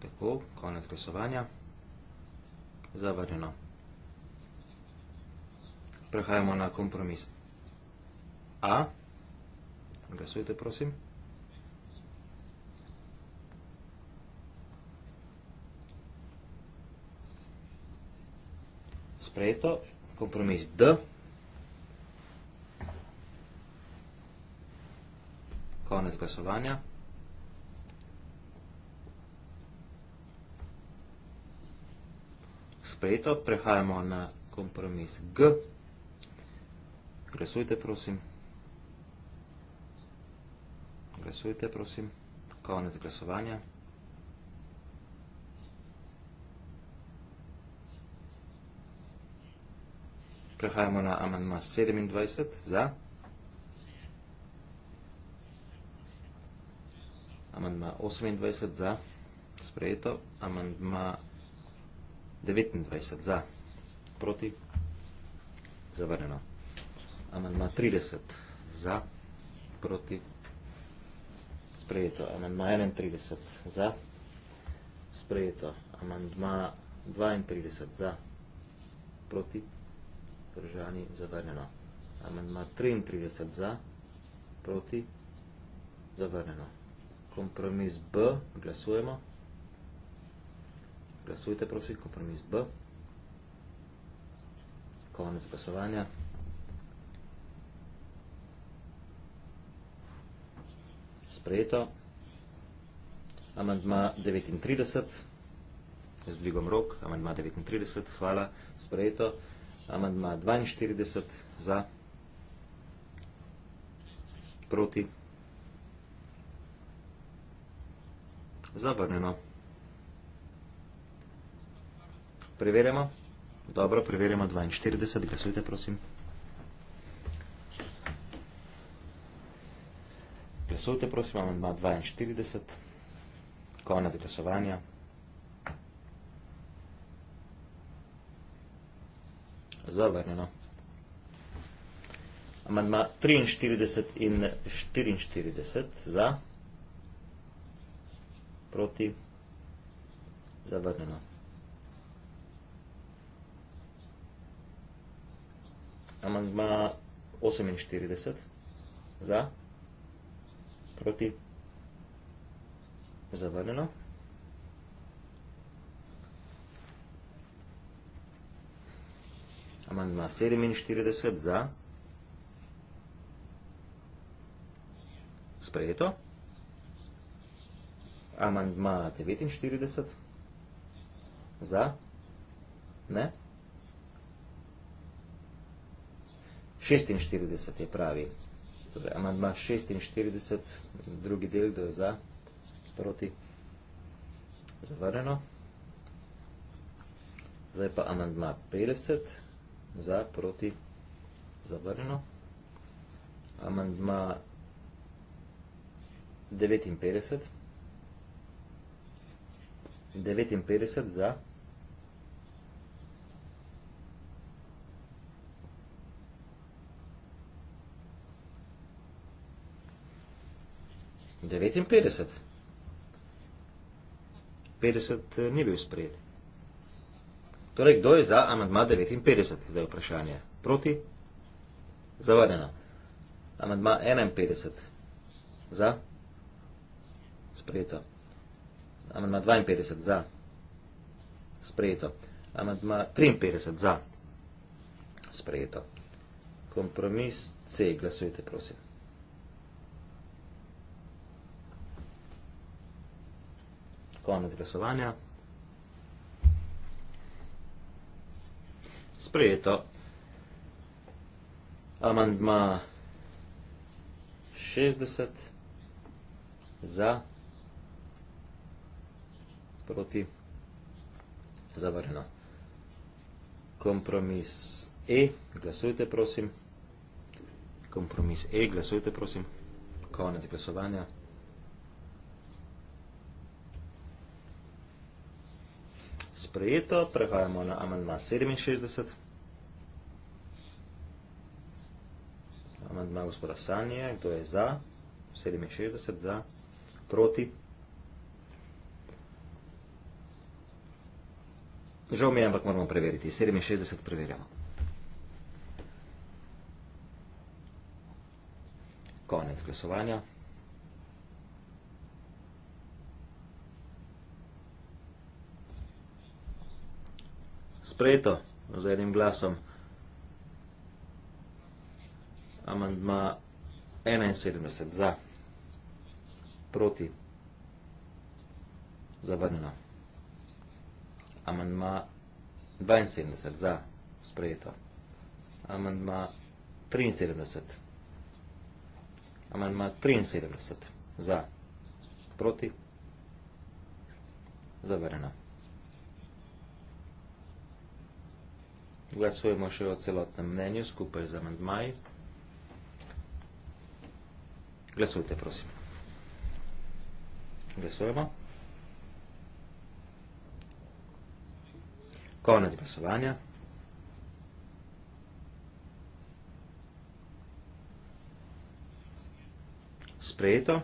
Tako, konec glasovanja. Zavarjeno. Prehajamo na kompromis. A. Glasujte, prosim. sprejeto, kompromis D, konec glasovanja. Sprejeto, prehajamo na kompromis G, glasujte prosim, glasujte prosim, konec glasovanja. Prehajamo na amandma 27 za. Amandma 28 za. Sprejeto. Amandma 29 za. Proti. Zavrneno. Amandma 30 za. Proti. Sprejeto. Amandma 31 za. Sprejeto. Amandma 32 za. Proti. Vzdržani, zavrnjeno. Amendma 33 za, proti, zavrnjeno. Kompromis B, glasujemo. Glasujte, prosim, kompromis B. Konec glasovanja. Sprejeto. Amendma 39, z dvigom rok, amendma 39, hvala, sprejeto. Sprejeto. Amandma 42 za, proti, zavrnjeno. Preverjamo. Dobro, preverjamo 42. Glasujte, prosim. Glasujte, prosim, amandma 42. Konec glasovanja. zavrnjeno. Amandma 43 in 44 za, proti, zavrnjeno. Amandma 48 za, proti, zavrnjeno. Amandma 47 za. Sprejeto. Amandma 49 za. Ne. 46 je pravi. Torej, amandma 46, drugi del, da je za, proti, zavrneno. Zdaj pa amandma 50. 50 za, proti, zavrnjeno. Amandma 59. 59 za. 59. 50 eh, ni bil sprejet. Torej, kdo je za amantma 59, zdaj je vprašanje. Proti? Zavarjeno. Amantma 51. Za? Sprejeto. Amantma 52. Za? Sprejeto. Amantma 53. Za? Sprejeto. Kompromis C. Glasujte, prosim. Konec glasovanja. sprejeto. Amandma 60 za proti zavrno. Kompromis E, glasujte prosim. Kompromis E, glasujte prosim. Konec glasovanja. Sprejeto, prehajamo na amandma 67. amandma gospoda Sanje, kdo je za? 67 za. Proti? Žal mi je, ampak moramo preveriti. 67 preverjamo. Konec glasovanja. Sprejeto, z enim glasom amandma 71 za, proti, zavrnjeno. Amandma 72 za, sprejeto. Amandma 73. Amandma 73 za, proti, zavrnjeno. Glasujemo še o celotnem mnenju skupaj z amandmaji. Glasujte, prosim. Glasujemo. Konec glasovanja. Sprejeto.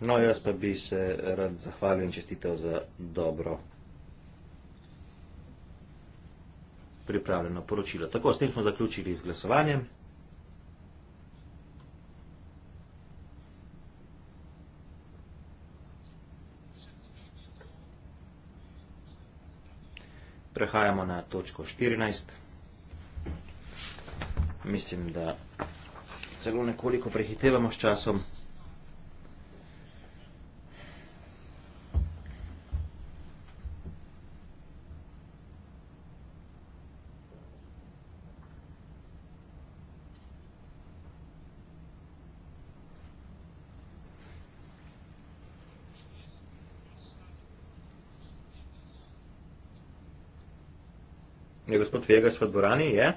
No, jaz pa bi se rad zahvalil in čestitev za dobro glasovanje. pripravljeno poročilo. Tako, s tem smo zaključili z glasovanjem. Prehajamo na točko 14. Mislim, da celo nekoliko prehitevamo s časom. je gospod Vegas v dvorani, je?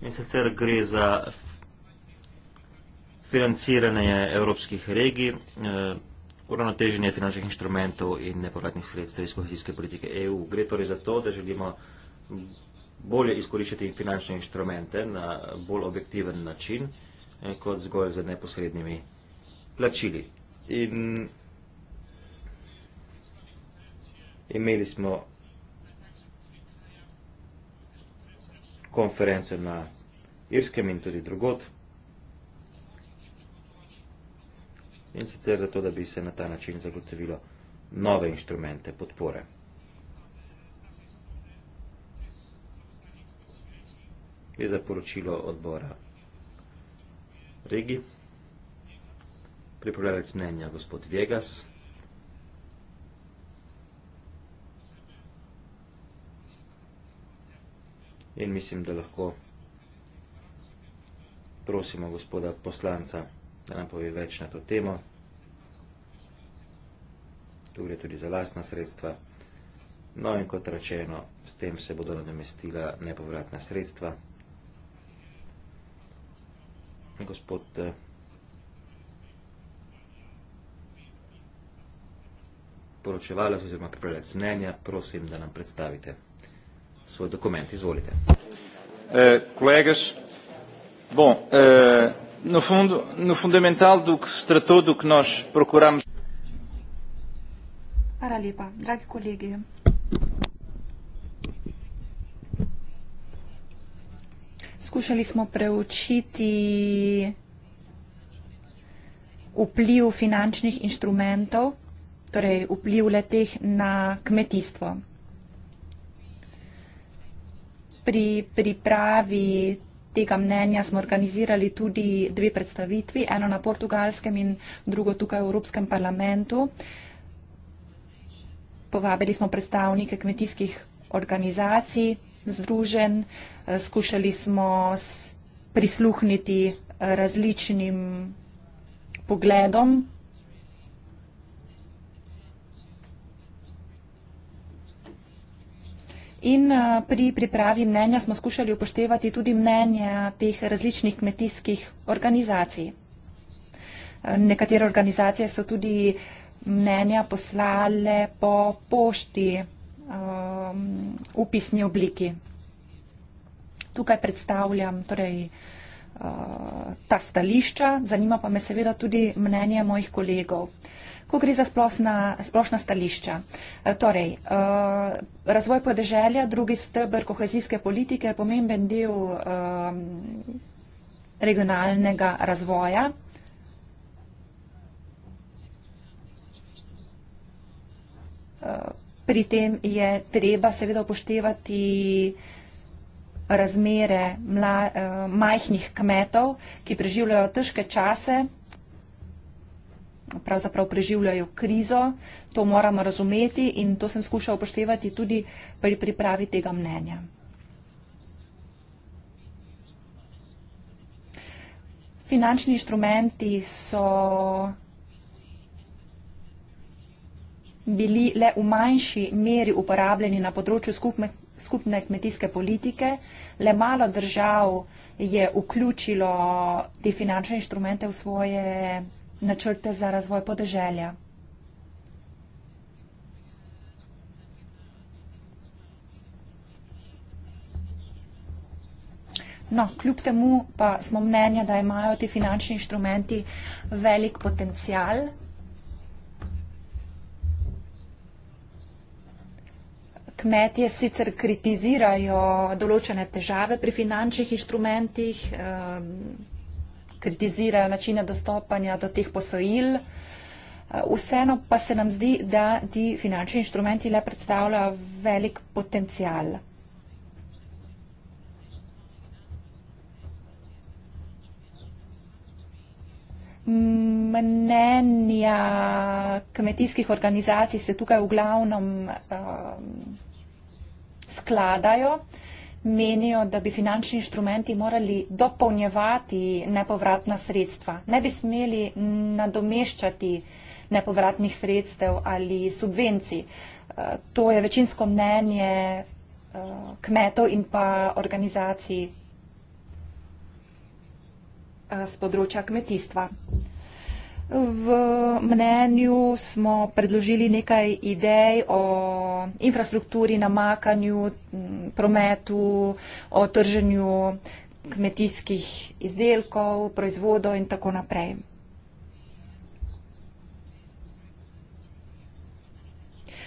In sicer gre za financiranje evropskih regij, eh, uravnoteženje finančnih inštrumentov in nepovratnih sredstev iz kohezijske politike EU. Gre torej za to, da želimo bolje izkoriščati finančne inštrumente na bolj objektiven način, eh, kot zgolj z neposrednimi plačili. In imeli smo konference na Irskem in tudi drugod. In sicer zato, da bi se na ta način zagotovilo nove inštrumente podpore. Gre za poročilo odbora Regi, pripravljalec mnenja gospod Vegas. In mislim, da lahko prosimo gospoda poslanca, da nam pove več na to temo. Tu gre tudi za lastna sredstva. No in kot rečeno, s tem se bodo nadomestila nepovratna sredstva gospod eh, poročevalec oziroma prepravljac mnenja, prosim, da nam predstavite svoj dokument. Izvolite. Eh, kolegas, bom, eh, no, fund, no fundamental, dok se tratou, dok nos procuramos... Hvala lepa, dragi kolegi. Skušali smo preučiti vpliv finančnih inštrumentov, torej vpliv leteh na kmetijstvo. Pri pripravi tega mnenja smo organizirali tudi dve predstavitvi, eno na portugalskem in drugo tukaj v Evropskem parlamentu. Povabili smo predstavnike kmetijskih organizacij, združenj, Eh, skušali smo prisluhniti eh, različnim pogledom. In eh, pri pripravi mnenja smo skušali upoštevati tudi mnenja teh različnih kmetijskih organizacij. Nekatere organizacije so tudi mnenja poslale po pošti v pisni obliki tukaj predstavljam torej, eh, ta stališča, zanima pa me seveda tudi mnenje mojih kolegov. Ko gre za splošna, splošna stališča. Eh, torej, eh, razvoj podeželja, drugi stebr kohezijske politike je pomemben del regionalnega razvoja. Pri tem je treba seveda upoštevati uh, razmere mla, eh, majhnih kmetov, ki preživljajo težke čase, pravzaprav preživljajo krizo. To moramo razumeti in to sem skušal upoštevati tudi pri pripravi tega mnenja. Finančni inštrumenti so bili le v manjši meri uporabljeni na področju skupne skupne kmetijske politike. Le malo držav je vključilo te finančne inštrumente v svoje načrte za razvoj podeželja. No, kljub temu pa smo mnenja, da imajo ti finančni inštrumenti velik potencial Kmetje sicer kritizirajo določene težave pri finančnih inštrumentih, ehm, kritizirajo načine dostopanja do teh posojil, eh, vseeno pa se nam zdi, da ti finančni inštrumenti le predstavljajo velik potencial. Mnenja kmetijskih organizacij se tukaj v glavnem um, skladajo, menijo, da bi finančni inštrumenti morali dopolnjevati nepovratna sredstva, ne bi smeli nadomeščati nepovratnih sredstev ali subvencij. Eh, to je večinsko mnenje eh, kmetov in pa organizacij z eh, področja kmetijstva. V mnenju smo predložili nekaj idej o infrastrukturi, namakanju, prometu, o trženju kmetijskih izdelkov, proizvodov in tako naprej.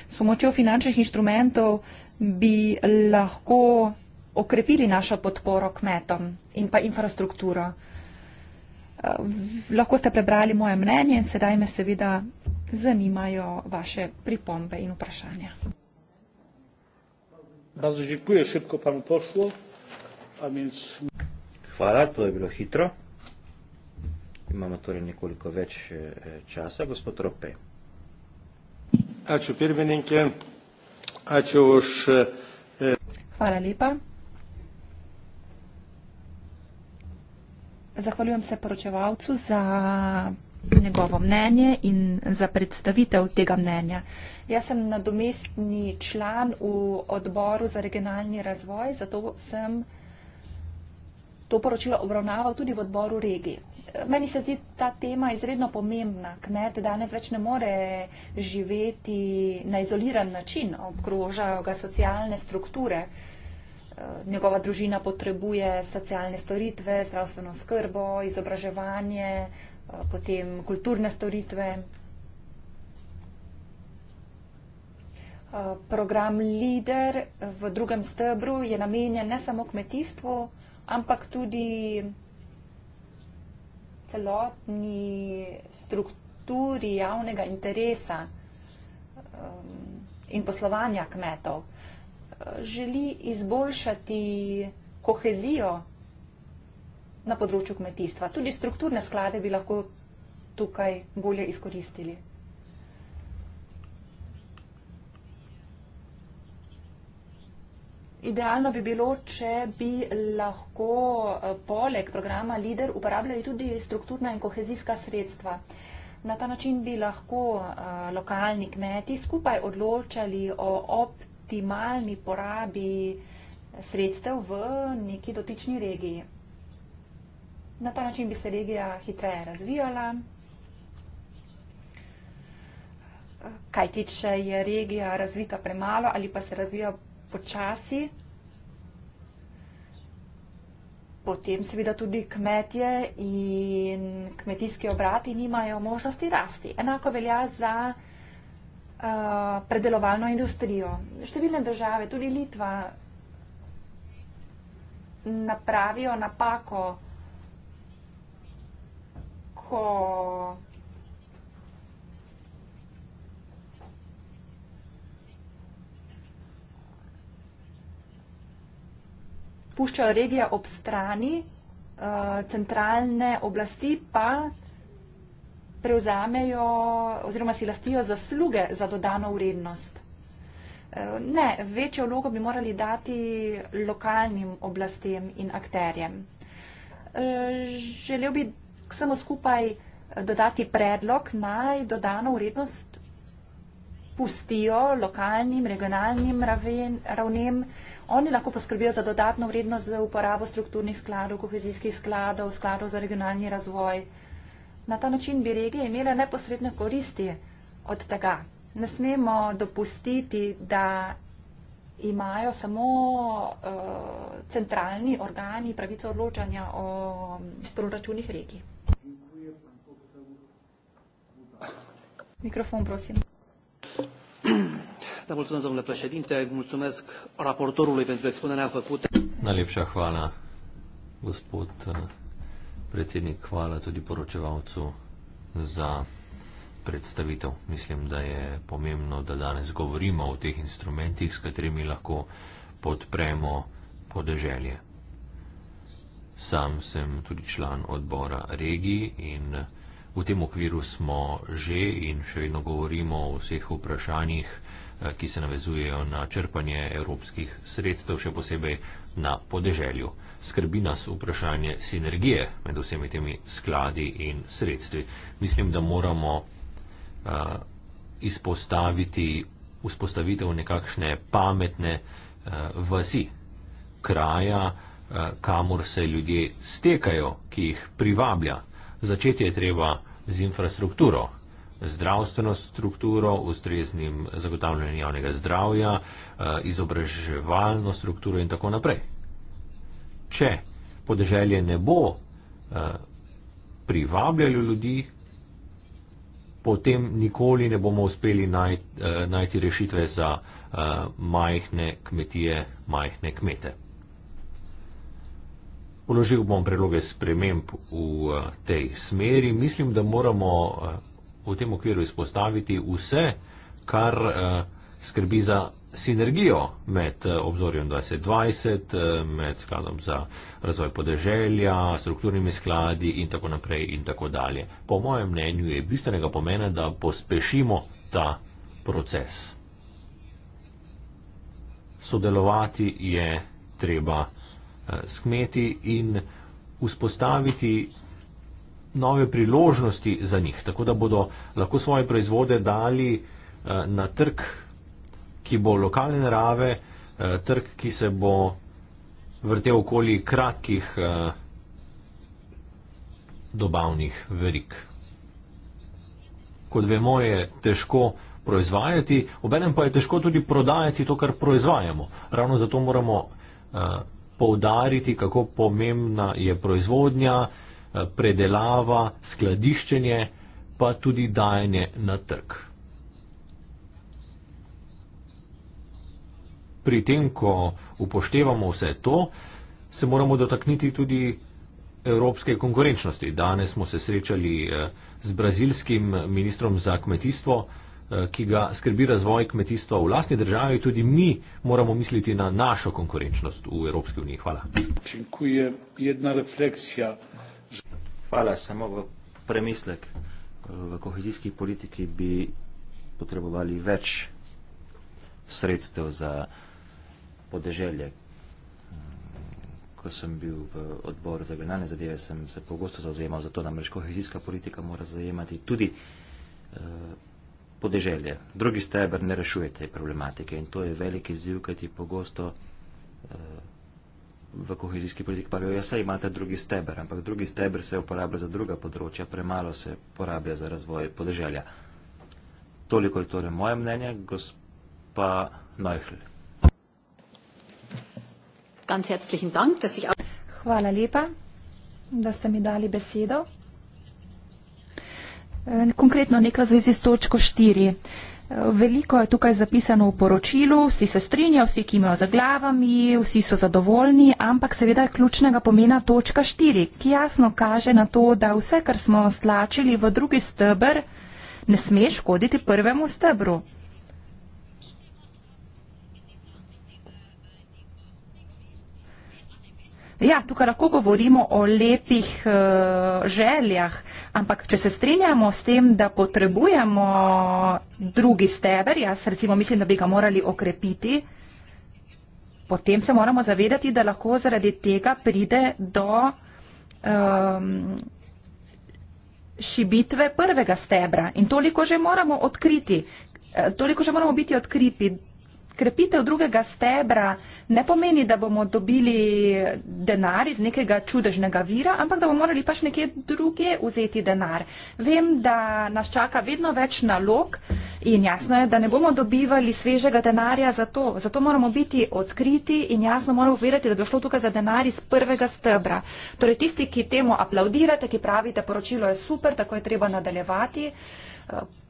S pomočjo finančnih inštrumentov bi lahko okrepili našo podporo kmetom in pa infrastrukturo. Eh, lahko ste prebrali moje mnenje in sedaj me seveda zanimajo vaše pripombe in vprašanja. Hvala, to je bilo hitro. Imamo torej nekoliko več eh, časa, gospod Rope. Eh, Hvala lepa. Zahvaljujem se poročevalcu za njegovo mnenje in za predstavitev tega mnenja. Jaz sem nadomestni član v odboru za regionalni razvoj, zato sem to poročilo obravnaval tudi v odboru regij. Meni se zdi ta tema izredno pomembna. Kmet danes več ne more živeti na izoliran način, obkrožajo ga socialne strukture. Eh, njegova družina potrebuje socialne storitve, zdravstveno skrbo, izobraževanje, eh, potem kulturne storitve. Eh, program LIDER v drugem stebru je namenjen ne samo kmetijstvu, ampak tudi celotni strukturi javnega interesa ehm, in poslovanja kmetov želi izboljšati kohezijo na področju kmetijstva. Tudi strukturne sklade bi lahko tukaj bolje izkoristili. Idealno bi bilo, če bi lahko eh, poleg programa LIDER uporabljali tudi strukturna in kohezijska sredstva. Na ta način bi lahko eh, lokalni kmeti skupaj odločali o optimizaciji optimalni porabi sredstev v neki dotični regiji. Na ta način bi se regija hitreje razvijala. Kaj ti, če je regija razvita premalo ali pa se razvija počasi, potem seveda tudi kmetje in kmetijski obrati nimajo možnosti rasti. Enako velja za kmetje. Eh, predelovalno industrijo. Številne države, tudi Litva, napravijo napako, ko puščajo regije ob strani, eh, centralne oblasti pa prevzamejo oziroma si lastijo zasluge za dodano vrednost. Eh, ne, večjo vlogo bi morali dati lokalnim oblastem in akterjem. Eh, želel bi samo skupaj dodati predlog, naj dodano vrednost pustijo lokalnim, regionalnim raven, ravnem. Oni lahko poskrbijo za dodatno vrednost z uporabo strukturnih skladov, kohezijskih skladov, skladov za regionalni razvoj. Na ta način bi regije imele neposredne koristi od tega. Ne smemo dopustiti, da imajo samo uh, centralni organi pravico odločanja o proračunih regij. Mikrofon, prosim. Najlepša hvala, gospod. Uh, predsednik, hvala tudi poročevalcu za predstavitev. Mislim, da je pomembno, da danes govorimo o teh instrumentih, s katerimi lahko podpremo podeželje. Sam sem tudi član odbora regiji in v tem okviru smo že in še vedno govorimo o vseh vprašanjih, eh, ki se navezujejo na črpanje evropskih sredstev, še posebej na podeželju skrbi nas vprašanje sinergije med vsemi temi skladi in sredstvi. Mislim, da moramo uh, izpostaviti vzpostavitev nekakšne pametne uh, vasi, kraja, uh, kamor se ljudje stekajo, ki jih privablja. Začeti je treba z infrastrukturo, zdravstveno strukturo, ustreznim zagotavljanjem javnega zdravja, uh, izobraževalno strukturo in tako naprej če podeželje ne bo eh, privabljalo ljudi, potem nikoli ne bomo uspeli eh, najti rešitve za eh, majhne kmetije, majhne kmete. Položil bom predloge sprememb v tej smeri. Mislim, da moramo v tem okviru izpostaviti vse, kar skrbi za sinergijo med eh, obzorjem 2020, eh, med skladom za razvoj podeželja, strukturnimi skladi in tako naprej in tako dalje. Po mojem mnenju je bistvenega pomena, da pospešimo ta proces. Sodelovati je treba eh, s kmeti in vzpostaviti nove priložnosti za njih, tako da bodo lahko svoje proizvode dali na trg ki bo lokalne narave, uh, trg, ki se bo vrtel okoli kratkih uh, dobavnih verik. Kot vemo, je težko proizvajati, obenem pa je težko tudi prodajati to, kar proizvajamo. Ravno zato moramo uh, poudariti, kako pomembna je proizvodnja, uh, predelava, skladiščenje, pa tudi dajanje na trg. pri tem, ko upoštevamo vse to, se moramo dotakniti tudi evropske konkurenčnosti. Danes smo se srečali eh, z brazilskim ministrom za kmetijstvo, eh, ki ga skrbi razvoj kmetijstva v lastni državi. Tudi mi moramo misliti na našo konkurenčnost v Evropski uniji. Hvala. Hvala, samo v premislek. V kohezijski politiki bi potrebovali več sredstev za podeželje. Mm, ko sem bil v odboru za regionalne zadeve, sem se pogosto zauzemal za to, da namreč kohezijska politika mora zajemati tudi eh, podeželje. Drugi steber ne rešuje te problematike in to je velik izziv, kaj ti pogosto eh, v kohezijski politik pravijo, ja saj imate drugi steber, ampak drugi steber se uporablja za druga področja, premalo se uporablja za razvoj podeželja. Toliko je torej moje mnenje, gospa Neuchl. Hvala lepa, da ste mi dali besedo. Eh, konkretno nekaj zvezi s točko 4. Eh, veliko je tukaj zapisano v poročilu, vsi se strinjajo, vsi kimajo za glavami, vsi so zadovoljni, ampak seveda je ključnega pomena točka 4, ki jasno kaže na to, da vse, kar smo stlačili v drugi stebr, ne sme škoditi prvemu stebru. Ja, tukaj lahko govorimo o lepih uh, željah, ampak če se strinjamo s tem, da potrebujemo drugi steber, jaz recimo mislim, da bi ga morali okrepiti, potem se moramo zavedati, da lahko zaradi tega pride do um, šibitve prvega stebra. In toliko že moramo odkriti, eh, toliko že moramo biti odkripi krepitev drugega stebra ne pomeni, da bomo dobili denar iz nekega čudežnega vira, ampak da bomo morali pač nekje druge vzeti denar. Vem, da nas čaka vedno več nalog in jasno je, da ne bomo dobivali svežega denarja za to. Zato moramo biti odkriti in jasno moramo verjeti, da bo šlo tukaj za denar iz prvega stebra. Torej tisti, ki temu aplaudirate, ki pravite, poročilo je super, tako je treba nadaljevati.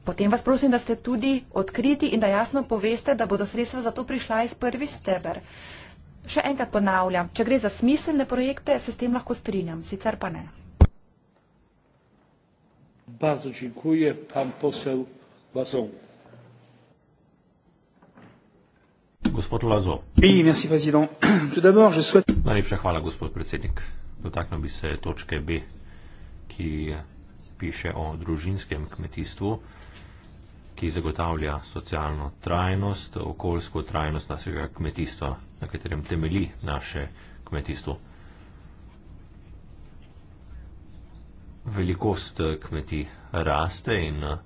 Potem vas prosim, da ste tudi odkriti in da jasno poveste, da bodo sredstva za to prišla iz prvi steber. Še enkrat ponavljam, če gre za smiselne projekte, se s tem lahko strinjam, sicer pa ne. Bardzo dziękuję, pan poseł Lazon. Gospod Lazo. Oui, merci, président. Tout d'abord, je souhaite... Najlepša hvala, gospod predsednik. Dotaknem bi se točke B, ki piše o družinskem kmetijstvu, ki zagotavlja socialno trajnost, okoljsko trajnost našega kmetijstva, na katerem temeli naše kmetijstvo. Velikost eh, kmetij raste in eh,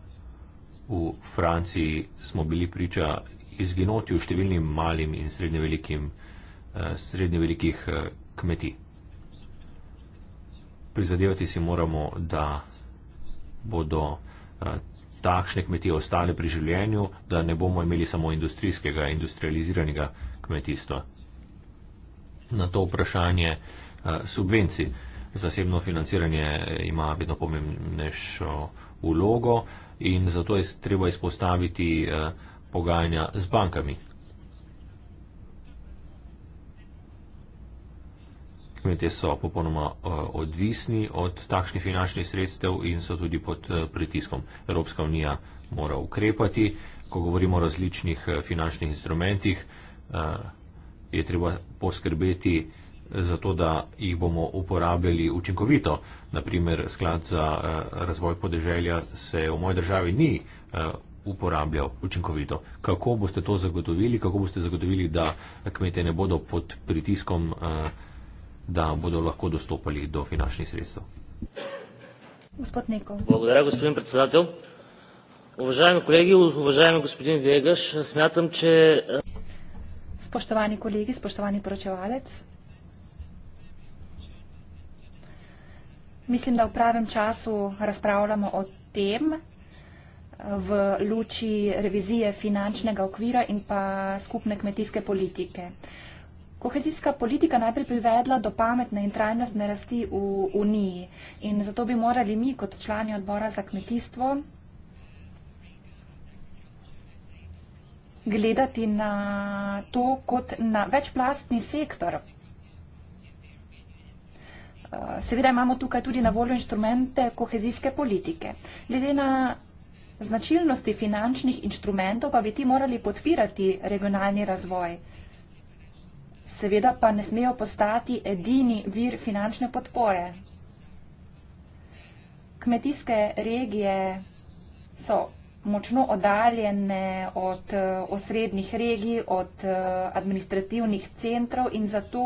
v Franciji smo bili priča izginotju številnim malim in srednje velikim, eh, srednje velikih kmetij. Prizadevati si moramo, da bodo eh, takšne kmetije ostale pri življenju, da ne bomo imeli samo industrijskega, industrializiranega kmetijstva. Na to vprašanje eh, subvencij. Zasebno financiranje eh, ima vedno pomembnejšo vlogo in zato je treba izpostaviti pogajanja z bankami. kmetje so popolnoma eh, odvisni od takšnih finančnih sredstev in so tudi pod eh, pritiskom. Evropska unija mora ukrepati. Ko govorimo o različnih eh, finančnih instrumentih, je treba poskrbeti za to, da jih bomo uporabljali učinkovito. Naprimer, sklad za razvoj podeželja se v moji državi ni uporabljal učinkovito. Kako boste to zagotovili, kako boste zagotovili, da kmete ne bodo pod pritiskom uh, da bodo lahko dostopali do finančnih sredstev. Gospod Neko. Благодаря, gospodin predsedatelj. Уважаеми колеги, уважаеми господин Вегаш, смятам, че... Спощавани колеги, спощавани поръчевалец. Мислим да в правим часу разправляме о тем в лучи ревизия финансовата оквира и па скупна кметиска политика kohezijska politika najprej privedla do pametne in trajnostne rasti v Uniji. In zato bi morali mi, kot člani odbora za kmetijstvo, gledati na to kot na večplastni sektor. Uh, seveda imamo tukaj tudi na voljo inštrumente kohezijske politike. Glede na značilnosti finančnih inštrumentov pa bi ti morali podpirati regionalni razvoj seveda pa ne smejo postati edini vir finančne podpore. Kmetijske regije so močno oddaljene od eh, osrednjih regij, od eh, administrativnih centrov in zato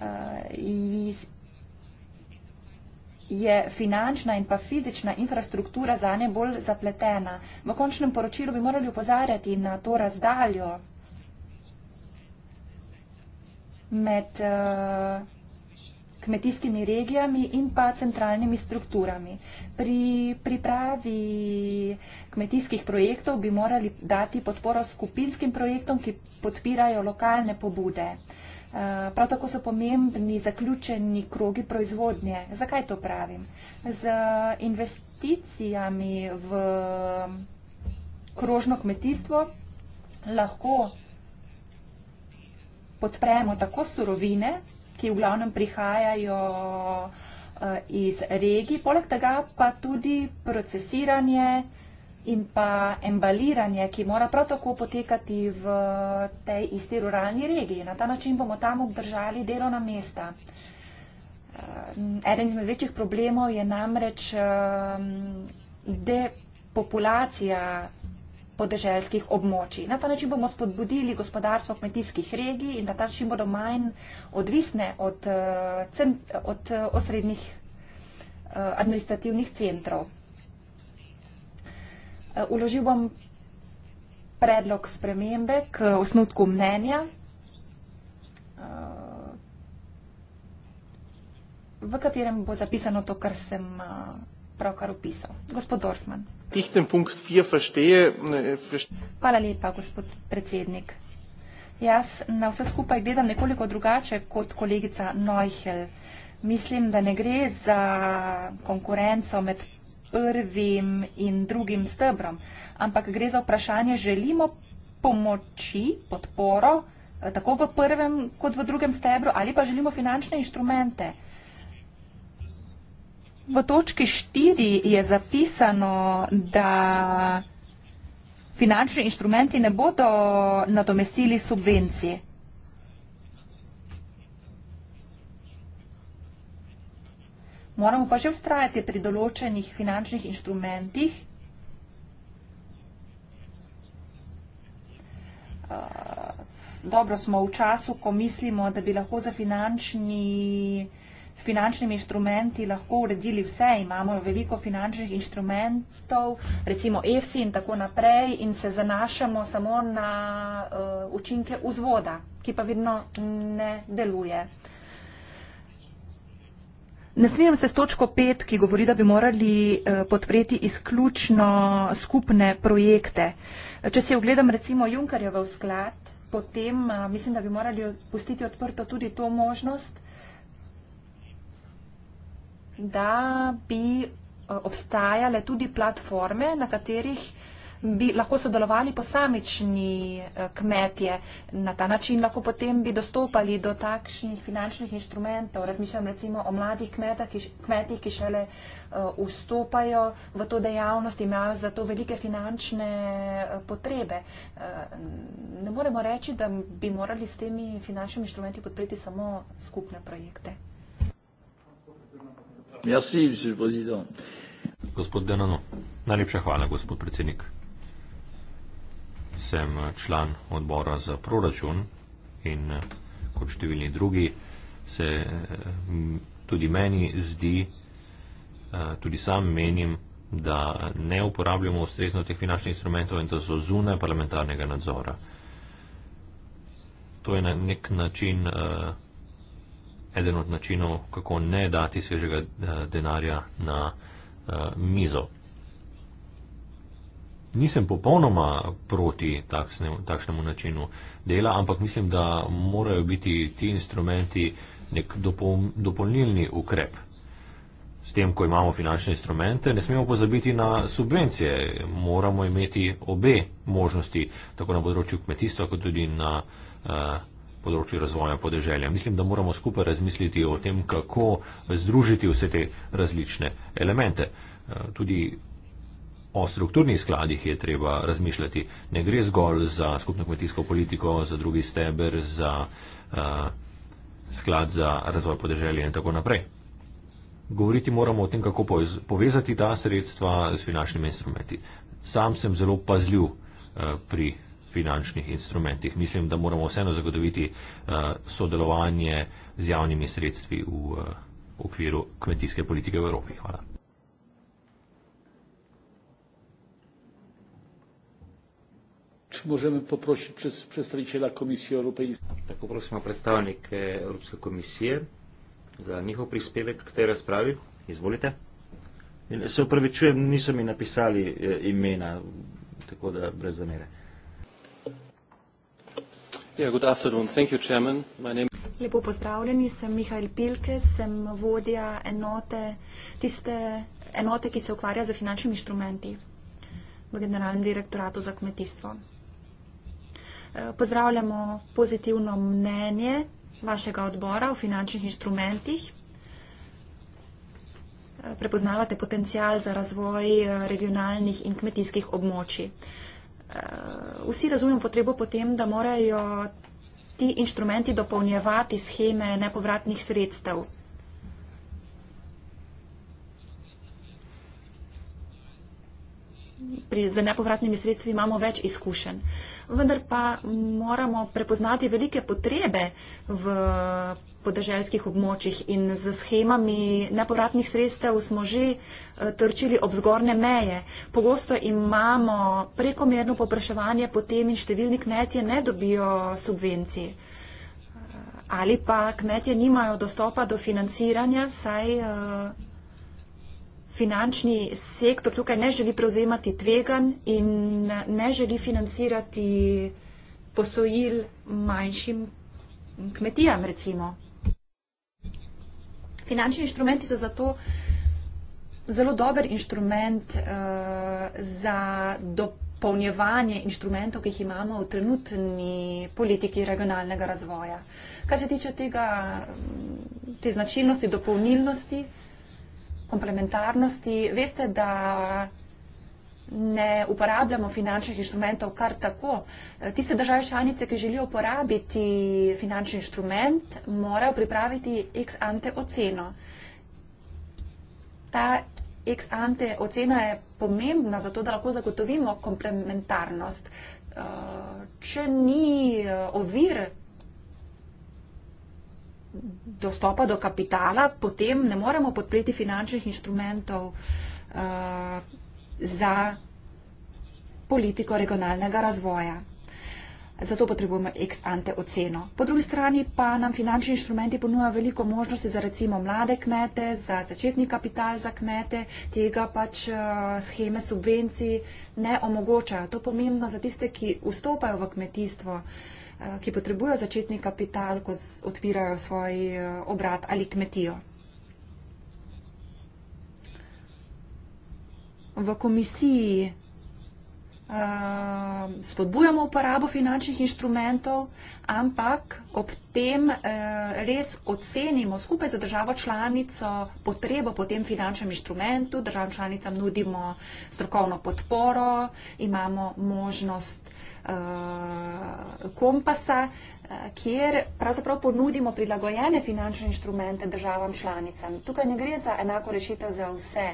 eh, je finančna in pa fizična infrastruktura za ne bolj zapletena. V končnem poročilu bi morali upozarjati na to razdaljo, med eh, kmetijskimi regijami in pa centralnimi strukturami. Pri pripravi kmetijskih projektov bi morali dati podporo skupinskim projektom, ki podpirajo lokalne pobude. Eh, prav tako so pomembni zaključeni krogi proizvodnje. Zakaj to pravim? Z investicijami v krožno kmetijstvo lahko podpremo tako surovine, ki v glavnem prihajajo eh, iz regij, poleg tega pa tudi procesiranje in pa embaliranje, ki mora prav tako potekati v tej isti ruralni regiji. Na ta način bomo tam obdržali delovna mesta. Eh, eden izmed večjih problemov je namreč eh, depopulacija podeželskih območij. Na ta način bomo spodbudili gospodarstvo kmetijskih regij in na ta način bodo manj odvisne od, eh, cent, od eh, osrednjih eh, administrativnih centrov. Uložil bom predlog spremembe k osnutku mnenja, v katerem bo zapisano to, kar sem pravkar opisal. Gospod Dorfman. Tihten punkt 4 verstehe. Eh, Hvala lepa, gospod predsednik. Jaz na vse skupaj gledam nekoliko drugače kot kolegica Neuchel. Mislim, da ne gre za konkurenco med prvim in drugim stebrom, ampak gre za vprašanje, želimo pomoči, podporo eh, tako v prvem kot v drugem stebru ali pa želimo finančne inštrumente. V točki 4 je zapisano, da finančni inštrumenti ne bodo nadomestili subvencije. Moramo pa že vztrajati pri določenih finančnih inštrumentih, eh, Dobro smo v času, ko mislimo, da bi lahko za finančni inštrumenti finančnimi inštrumenti lahko uredili vse. Imamo veliko finančnih inštrumentov, recimo EFSI in tako naprej, in se zanašamo samo na uh, učinke vzvoda, ki pa vedno ne deluje. Ne strinjam se s točko 5, ki govori, da bi morali uh, podpreti izključno skupne projekte. Če si ogledam recimo Junkarjev sklad, potem uh, mislim, da bi morali pustiti odprto tudi to možnost, da bi eh, obstajale tudi platforme, na katerih bi lahko sodelovali posamični eh, kmetje. Na ta način lahko potem bi dostopali do takšnih finančnih inštrumentov. Razmišljam recimo o mladih kmetah, ki, kmetih, ki šele eh, vstopajo v to dejavnost, imajo za to velike finančne potrebe. Ne moremo reči, da bi morali s temi finančnimi inštrumenti podpreti samo skupne projekte. Merci, monsieur le président. Gospod Denano, najlepša hvala, gospod predsednik. Sem član odbora za proračun in eh, kot številni drugi se eh, tudi meni zdi, eh, tudi sam menim, da ne uporabljamo ustrezno teh finančnih instrumentov in da so zune parlamentarnega nadzora. To je na nek način. Uh, eden od načinov, kako ne dati svežega eh, denarja na eh, mizo. Nisem popolnoma proti taksnem, takšnemu načinu dela, ampak mislim, da morajo biti ti instrumenti nek dopol, dopolnilni ukrep. S tem, ko imamo finančne instrumente, ne smemo pozabiti na subvencije. Moramo imeti obe možnosti, tako na področju kmetijstva, kot tudi na uh, področju razvoja podeželja. Mislim, da moramo skupaj razmisliti o tem, kako združiti vse te različne elemente. Eh, tudi O strukturnih skladih je treba razmišljati. Ne gre zgolj za skupno kmetijsko politiko, za drugi steber, za uh, sklad za razvoj podeželja in tako naprej. Govoriti moramo o tem, kako povezati ta sredstva z finančnimi instrumenti. Sam sem zelo pazljiv uh, pri finančnih instrumentih. Mislim, da moramo vseeno zagotoviti uh, sodelovanje z javnimi sredstvi v uh, okviru kmetijske politike v Evropi. Hvala. Če lahko poprosim predstavitelja Komisije Evropejske unije. Tako prosimo predstavnike Evropske komisije za njihov prispevek k tej razpravi. Izvolite. In se upravičujem, niso mi napisali eh, imena, tako da brez zamere. Lepo pozdravljeni, sem Mihajl Pilke, sem vodja enote, tiste enote, ki se ukvarja za finančnimi inštrumenti v Generalnem direktoratu za kmetijstvo. Eh, pozdravljamo pozitivno mnenje vašega odbora o finančnih inštrumentih. Eh, prepoznavate potencial za razvoj eh, regionalnih in kmetijskih območij. Eh, vsi razumemo potrebo potem, da morajo ti inštrumenti dopolnjevati scheme nepovratnih sredstev. pri, z nepovratnimi sredstvi imamo več izkušenj. Vendar pa moramo prepoznati velike potrebe v podeželskih območjih in z schemami nepovratnih sredstev smo že eh, trčili ob zgorne meje. Pogosto imamo prekomerno popraševanje potem in številni kmetje ne dobijo subvencij. Ali pa kmetje nimajo dostopa do financiranja, saj uh, finančni sektor tukaj ne želi prevzemati tvegan in ne želi financirati posojil manjšim kmetijam, recimo. Finančni inštrumenti so zato zelo dober inštrument uh, za dopolnjevanje inštrumentov, ki jih imamo v trenutni politiki regionalnega razvoja. Kar se tiče tega, te značilnosti, dopolnilnosti, uh, komplementarnosti. Veste, da ne uporabljamo finančnih inštrumentov kar tako. Tiste države članice, ki želijo uporabiti finančni inštrument, morajo pripraviti ex ante oceno. Ta ex ante ocena je pomembna zato, da lahko zagotovimo komplementarnost. Če ni eh, ovir dostopa do kapitala, potem ne moremo podpreti finančnih inštrumentov uh, za politiko regionalnega razvoja. Zato potrebujemo ex ante oceno. Po drugi strani pa nam finančni inštrumenti ponujajo veliko možnosti za recimo mlade kmete, za začetni kapital za kmete, tega pač uh, scheme subvencij ne omogočajo. To je pomembno za tiste, ki vstopajo v kmetijstvo. Uh, Eh, ki potrebujejo začetni kapital, ko odpirajo svoj eh, obrat ali kmetijo. V komisiji Ehm, spodbujamo uporabo finančnih inštrumentov, ampak ob tem eh, res ocenimo skupaj za državo članico potrebo po tem finančnem inštrumentu, državam članicam nudimo strokovno podporo, imamo možnost eh, kompasa, eh, kjer pravzaprav ponudimo prilagojene finančne inštrumente državam članicam. Tukaj ne gre za enako rešitev za vse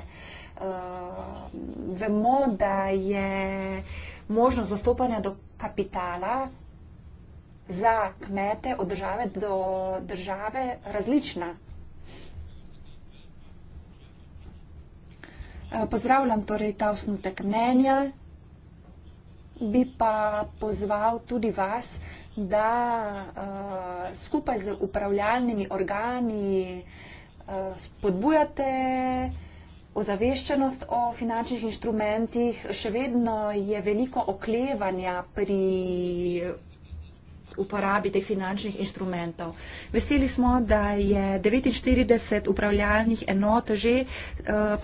uh, vemo, da je možnost dostopanja do kapitala za kmete od države do države različna. Eh, pozdravljam torej ta osnutek mnenja. Bi pa pozval tudi vas, da uh, skupaj z upravljalnimi organi uh, spodbujate uh, ozaveščenost o finančnih inštrumentih, še vedno je veliko oklevanja pri uporabi teh finančnih inštrumentov. Veseli smo, da je 49 upravljalnih enot že eh,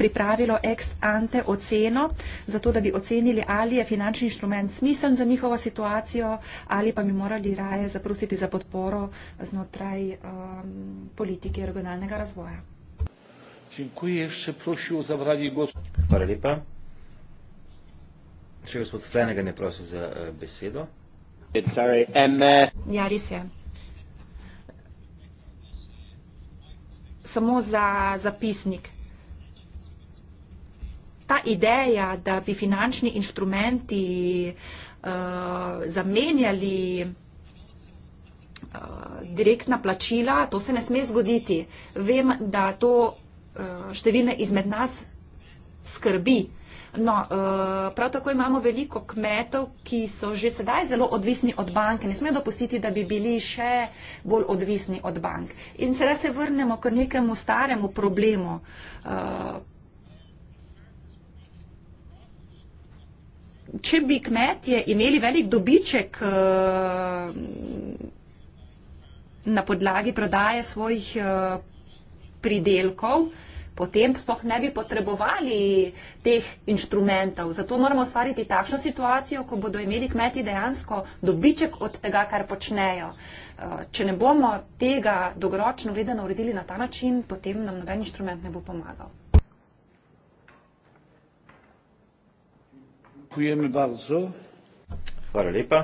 pripravilo ex ante oceno, zato da bi ocenili, ali je finančni inštrument smiseln za njihovo situacijo ali pa bi morali raje zaprositi za podporo znotraj eh, politike regionalnega razvoja. Dziękuję. Jeszcze prosił o zabranie głosu. Hvala lepa. Če gospod Flanagan je prosil za uh, besedo. Sorry, um, uh... Ja, res je. Samo za zapisnik. Ta ideja, da bi finančni inštrumenti uh, zamenjali uh, direktna plačila, to se ne sme zgoditi. Vem, da to Eh, številne izmed nas skrbi. No, eh, prav tako imamo veliko kmetov, ki so že sedaj zelo odvisni od banke. Ne smejo dopustiti, da bi bili še bolj odvisni od bank. In sedaj se vrnemo k nekemu staremu problemu. Eh, če bi kmetje imeli velik dobiček na podlagi prodaje svojih pridelkov, potem sploh ne bi potrebovali teh inštrumentov. Zato moramo ustvariti takšno situacijo, ko bodo imeli kmeti dejansko dobiček od tega, kar počnejo. Eh, če ne bomo tega dolgoročno gledano uredili na ta način, potem nam noben inštrument ne bo pomagal. Hvala lepa.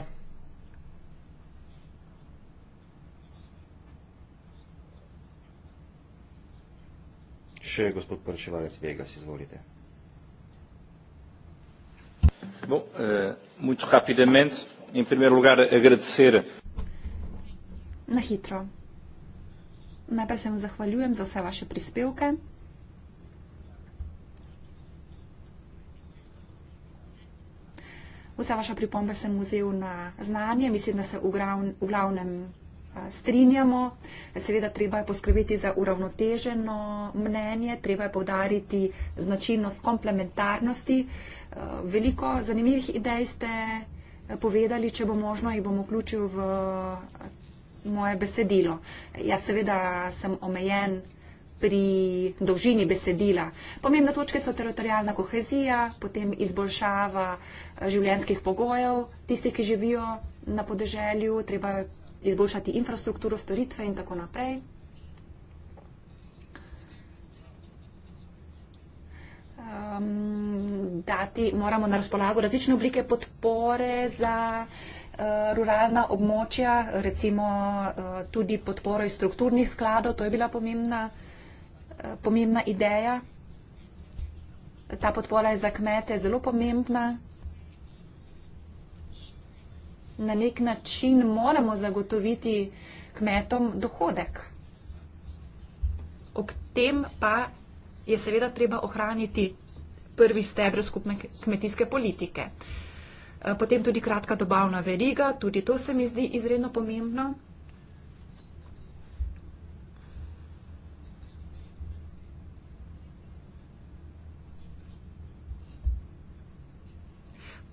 Še gospod poročevalec Vegas, izvolite. Bom, eh, muito rapidamente, em primeiro lugar, agradecer. Na hitro. Najprej se vam zahvaljujem za vse vaše prispevke. Vsa vaša pripomba sem vzel na znanje, mislim, da se v glavnem, v glavnem strinjamo. Seveda treba je poskrbeti za uravnoteženo mnenje, treba je povdariti značilnost komplementarnosti. Veliko zanimivih idej ste povedali, če bo možno, jih bom vključil v moje besedilo. Jaz seveda sem omejen pri dolžini besedila. Pomembne točke so teritorijalna kohezija, potem izboljšava življenskih pogojev tistih, ki živijo na podeželju, treba izboljšati infrastrukturo, storitve in tako naprej. Um, dati moramo na razpolago različne oblike podpore za uh, ruralna območja, recimo uh, tudi podporo iz strukturnih skladov, to je bila pomembna, uh, pomembna ideja. Ta podpora je za kmete zelo pomembna na nek način moramo zagotoviti kmetom dohodek. Ob tem pa je seveda treba ohraniti prvi stebr skupne kmetijske politike. Eh, potem tudi kratka dobavna veriga, tudi to se mi zdi izredno pomembno.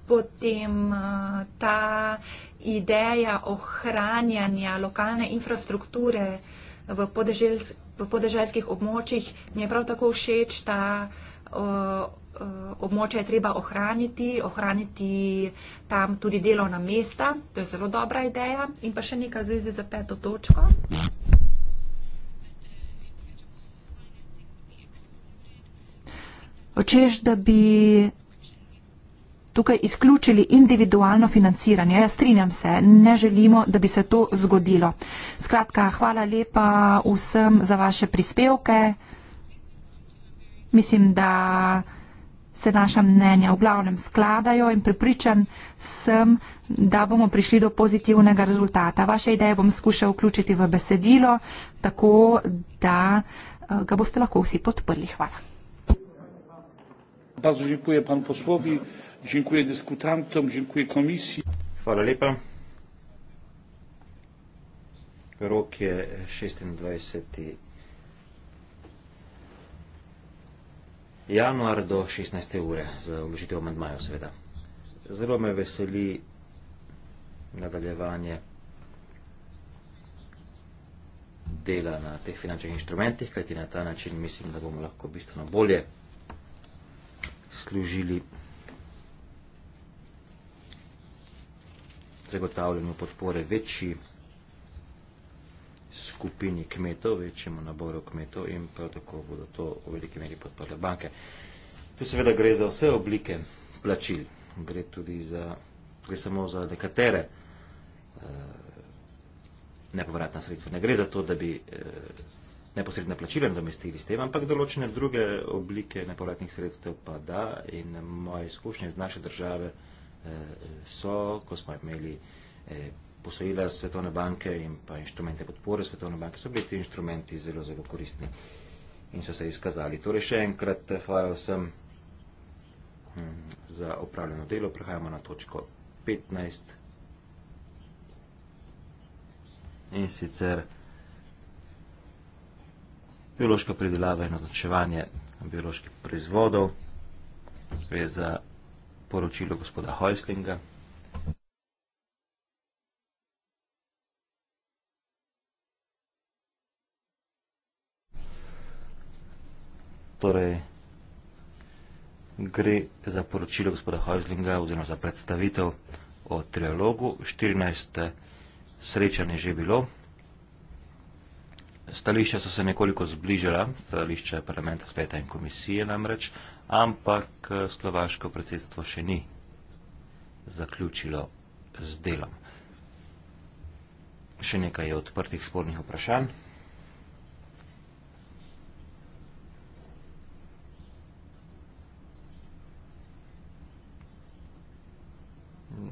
potem eh, ta ideja ohranjanja lokalne infrastrukture v, podeželsk, v podeželskih območjih. Mi je prav tako všeč ta eh, območje, je treba ohraniti, ohraniti tam tudi delovna mesta. To je zelo dobra ideja. In pa še nekaj v zvezi z peto točko. Češ da bi tukaj izključili individualno financiranje. Ja, strinjam se, ne želimo, da bi se to zgodilo. Skratka, hvala lepa vsem za vaše prispevke. Mislim, da se naša mnenja v glavnem skladajo in pripričan sem, da bomo prišli do pozitivnega rezultata. Vaše ideje bom skušal vključiti v besedilo, tako da eh, ga boste lahko vsi podprli. Hvala. Bardzo dziękuję pan posłowi. Dziękuję dyskutantom, dziękuję komisji. Hvala lepa. Rok je 26. januar do 16. ure za vložitev amandmajev, seveda. Zelo me veseli nadaljevanje dela na teh finančnih inštrumentih, kajti na ta način mislim, da bomo lahko bistveno bolje služili. zagotavljanju podpore večji skupini kmetov, večjemu naboru kmetov in prav tako bodo to v veliki meri podprle banke. Tu seveda gre za vse oblike plačil, gre tudi za, gre samo za nekatere eh, nepovratna sredstva. Ne gre za to, da bi eh, neposredne plačile domestili s tem, ampak določene druge oblike nepovratnih sredstev pa da in moje izkušnje z naše države Eh, so, ko smo imeli eh, posojila Svetovne banke in pa inštrumente podpore Svetovne banke, so bili ti inštrumenti zelo, zelo koristni in so se izkazali. Torej še enkrat eh, hvala vsem hm, za opravljeno delo. Prehajamo na točko 15. In sicer biološka predelava in označevanje bioloških proizvodov. Gre za poročilo gospoda Hojslinga. Torej, gre za poročilo gospoda Hojslinga oziroma za predstavitev o trialogu. 14. srečanje že bilo, Stališča so se nekoliko zbližala, stališča parlamenta, sveta in komisije namreč, ampak eh, slovaško predsedstvo še ni zaključilo z delom. Še nekaj je odprtih spornih vprašanj.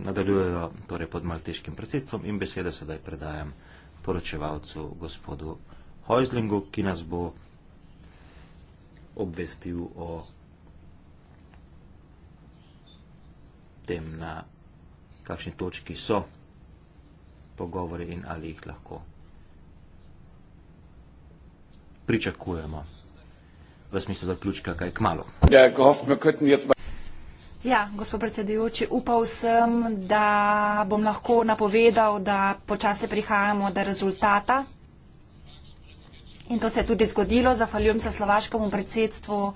Nadaljujejo torej pod malteškim predsedstvom in besede sedaj predajam poročevalcu gospodu Heuslingu, ki nas bo obvestil o tem, na kakšni točki so pogovori in ali jih lahko pričakujemo v smislu zaključka kaj k malu. Ja, ja gospod predsedujoči, upal sem, da bom lahko napovedal, da počasi prihajamo do rezultata In to se je tudi zgodilo. Zahvaljujem se slovaškemu predsedstvu,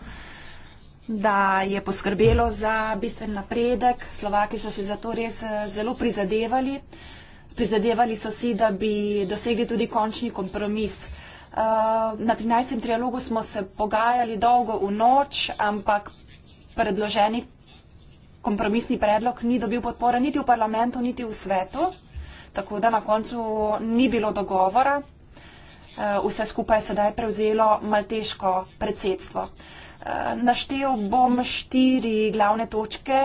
da je poskrbelo za bistven napredek. Slovaki so si zato res eh, zelo prizadevali. Prizadevali so si, da bi dosegli tudi končni kompromis. Eh, na 13. trialogu smo se pogajali dolgo v noč, ampak predloženi kompromisni predlog ni dobil podpore niti v parlamentu, niti v svetu. Tako da na koncu ni bilo dogovora. Eh, vse skupaj sedaj prevzelo malteško predsedstvo. Eh, naštel bom štiri glavne točke,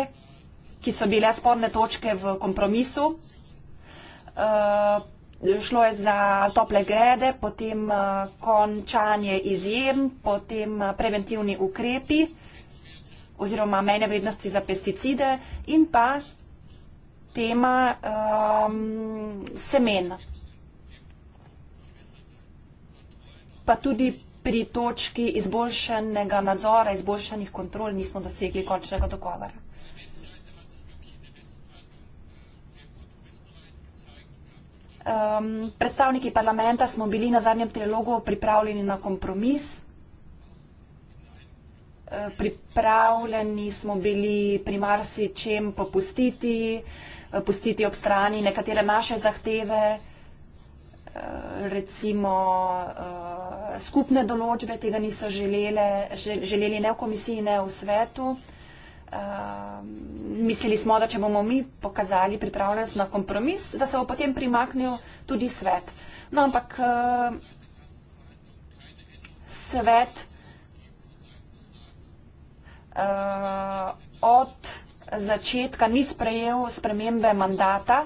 ki so bile sporne točke v kompromisu. Eh, šlo je za tople grede, potem končanje izjem, potem preventivni ukrepi oziroma mejne vrednosti za pesticide in pa tema um, ehm, semena. pa tudi pri točki izboljšanega nadzora, izboljšanih kontrol nismo dosegli končnega dogovora. Um, predstavniki parlamenta smo bili na zadnjem trilogu pripravljeni na kompromis. Uh, pripravljeni smo bili pri marsičem popustiti, uh, pustiti ob strani nekatere naše zahteve. Eh, recimo eh, skupne določbe, tega niso želele, želeli ne v komisiji, ne v svetu. Eh, mislili smo, da če bomo mi pokazali pripravljenost na kompromis, da se bo potem primaknil tudi svet. No, ampak svet od začetka ni sprejel spremembe mandata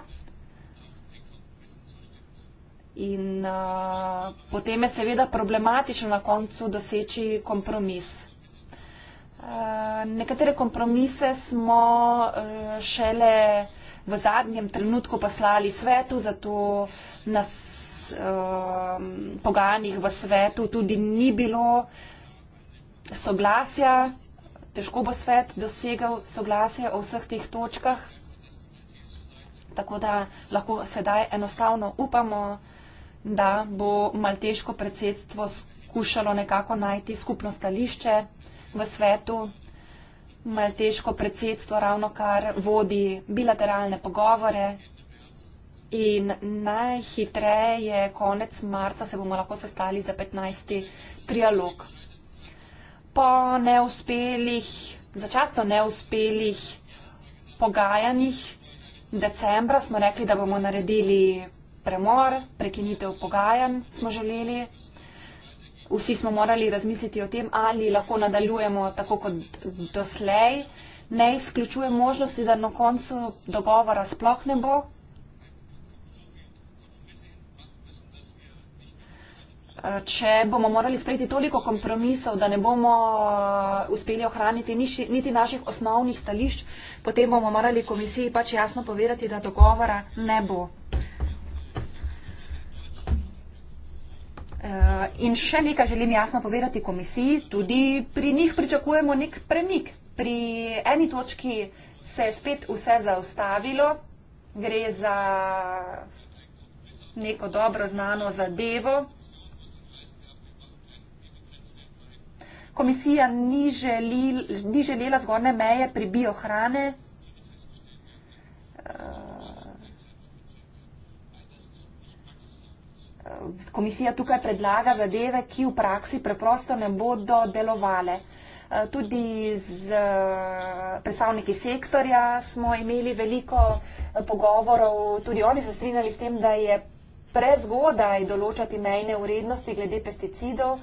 In uh, potem je seveda problematično na koncu doseči kompromis. Uh, nekatere kompromise smo uh, šele v zadnjem trenutku poslali svetu, zato nas uh, pogajanjih v svetu tudi ni bilo soglasja. Težko bo svet dosegal soglasje o vseh teh točkah. Tako da lahko sedaj enostavno upamo, uh, da bo malteško predsedstvo skušalo nekako najti skupno stališče v svetu. Malteško predsedstvo ravno kar vodi bilateralne pogovore in najhitreje konec marca se bomo lahko sestali za 15. trialog. Po neuspelih, začasno neuspelih pogajanjih decembra smo rekli, da bomo naredili premor, prekinitev pogajanj smo želeli. Vsi smo morali razmisliti o tem, ali lahko nadaljujemo tako kot doslej. Ne izključuje možnosti, da na koncu dogovora sploh ne bo. Če bomo morali sprejeti toliko kompromisov, da ne bomo uh, uspeli ohraniti niti naših osnovnih stališč, potem bomo morali komisiji pač jasno povedati, da dogovora ne bo. Eh, in še nekaj želim jasno povedati komisiji, tudi pri njih pričakujemo nek premik. Pri eni točki se je spet vse zaustavilo, gre za neko dobro znano zadevo. Komisija ni, želil, ni želela zgorne meje pri biohrane. Uh, komisija tukaj predlaga zadeve, ki v praksi preprosto ne bodo delovale. Eh, tudi z eh, predstavniki sektorja smo imeli veliko eh, pogovorov, tudi oni so strinjali s tem, da je prezgodaj določati mejne urednosti glede pesticidov.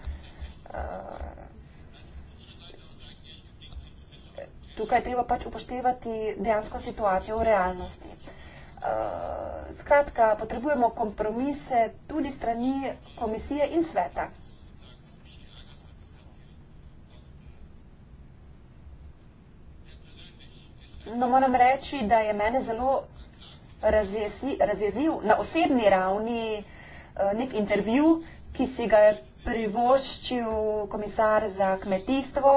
Tukaj treba pač upoštevati dejansko situacijo v realnosti. Eh, skratka, potrebujemo kompromise tudi strani komisije in sveta. No, moram reči, da je mene zelo razjezil na osebni ravni eh, nek intervju, ki si ga je privoščil komisar za kmetijstvo,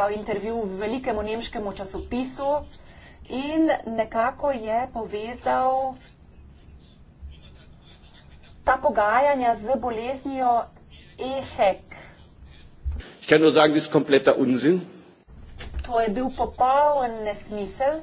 dal intervju v velikemu nemškemu časopisu, in nekako je povezal ta pogajanja z boleznijo EHEC. Sagen, to je bil popoln nesmisel.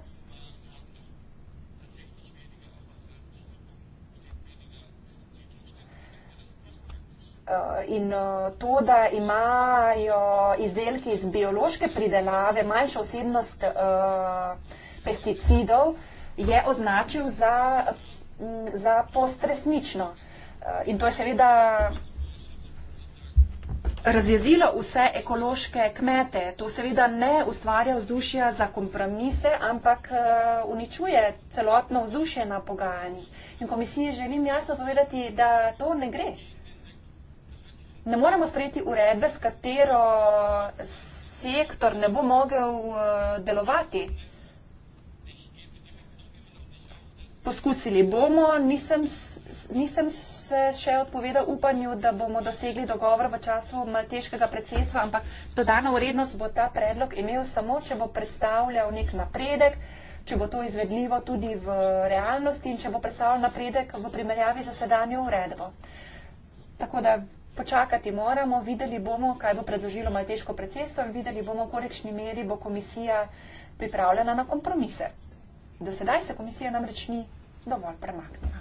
In to, da imajo izdelki iz biološke pridelave manjšo osebnost uh, pesticidov je označil za, za postresnično. Eh, in to je seveda razjezilo vse ekološke kmete. To seveda ne ustvarja vzdušja za kompromise, ampak eh, uničuje celotno vzdušje na pogajanjih. In komisiji želim jasno povedati, da to ne gre. Ne moremo sprejeti uredbe, s katero sektor ne bo mogel eh, delovati. poskusili bomo. Nisem, nisem se še odpovedal upanju, da bomo dosegli dogovor v času težkega predsedstva, ampak dodano vrednost bo ta predlog imel samo, če bo predstavljal nek napredek, če bo to izvedljivo tudi v realnosti in če bo predstavljal napredek v primerjavi z sedanjo uredbo. Tako da počakati moramo, videli bomo, kaj bo predložilo malteško predsedstvo in videli bomo, v korekšni meri bo komisija pripravljena na kompromise. Do sedaj se komisija namreč ni dovolj premaknila.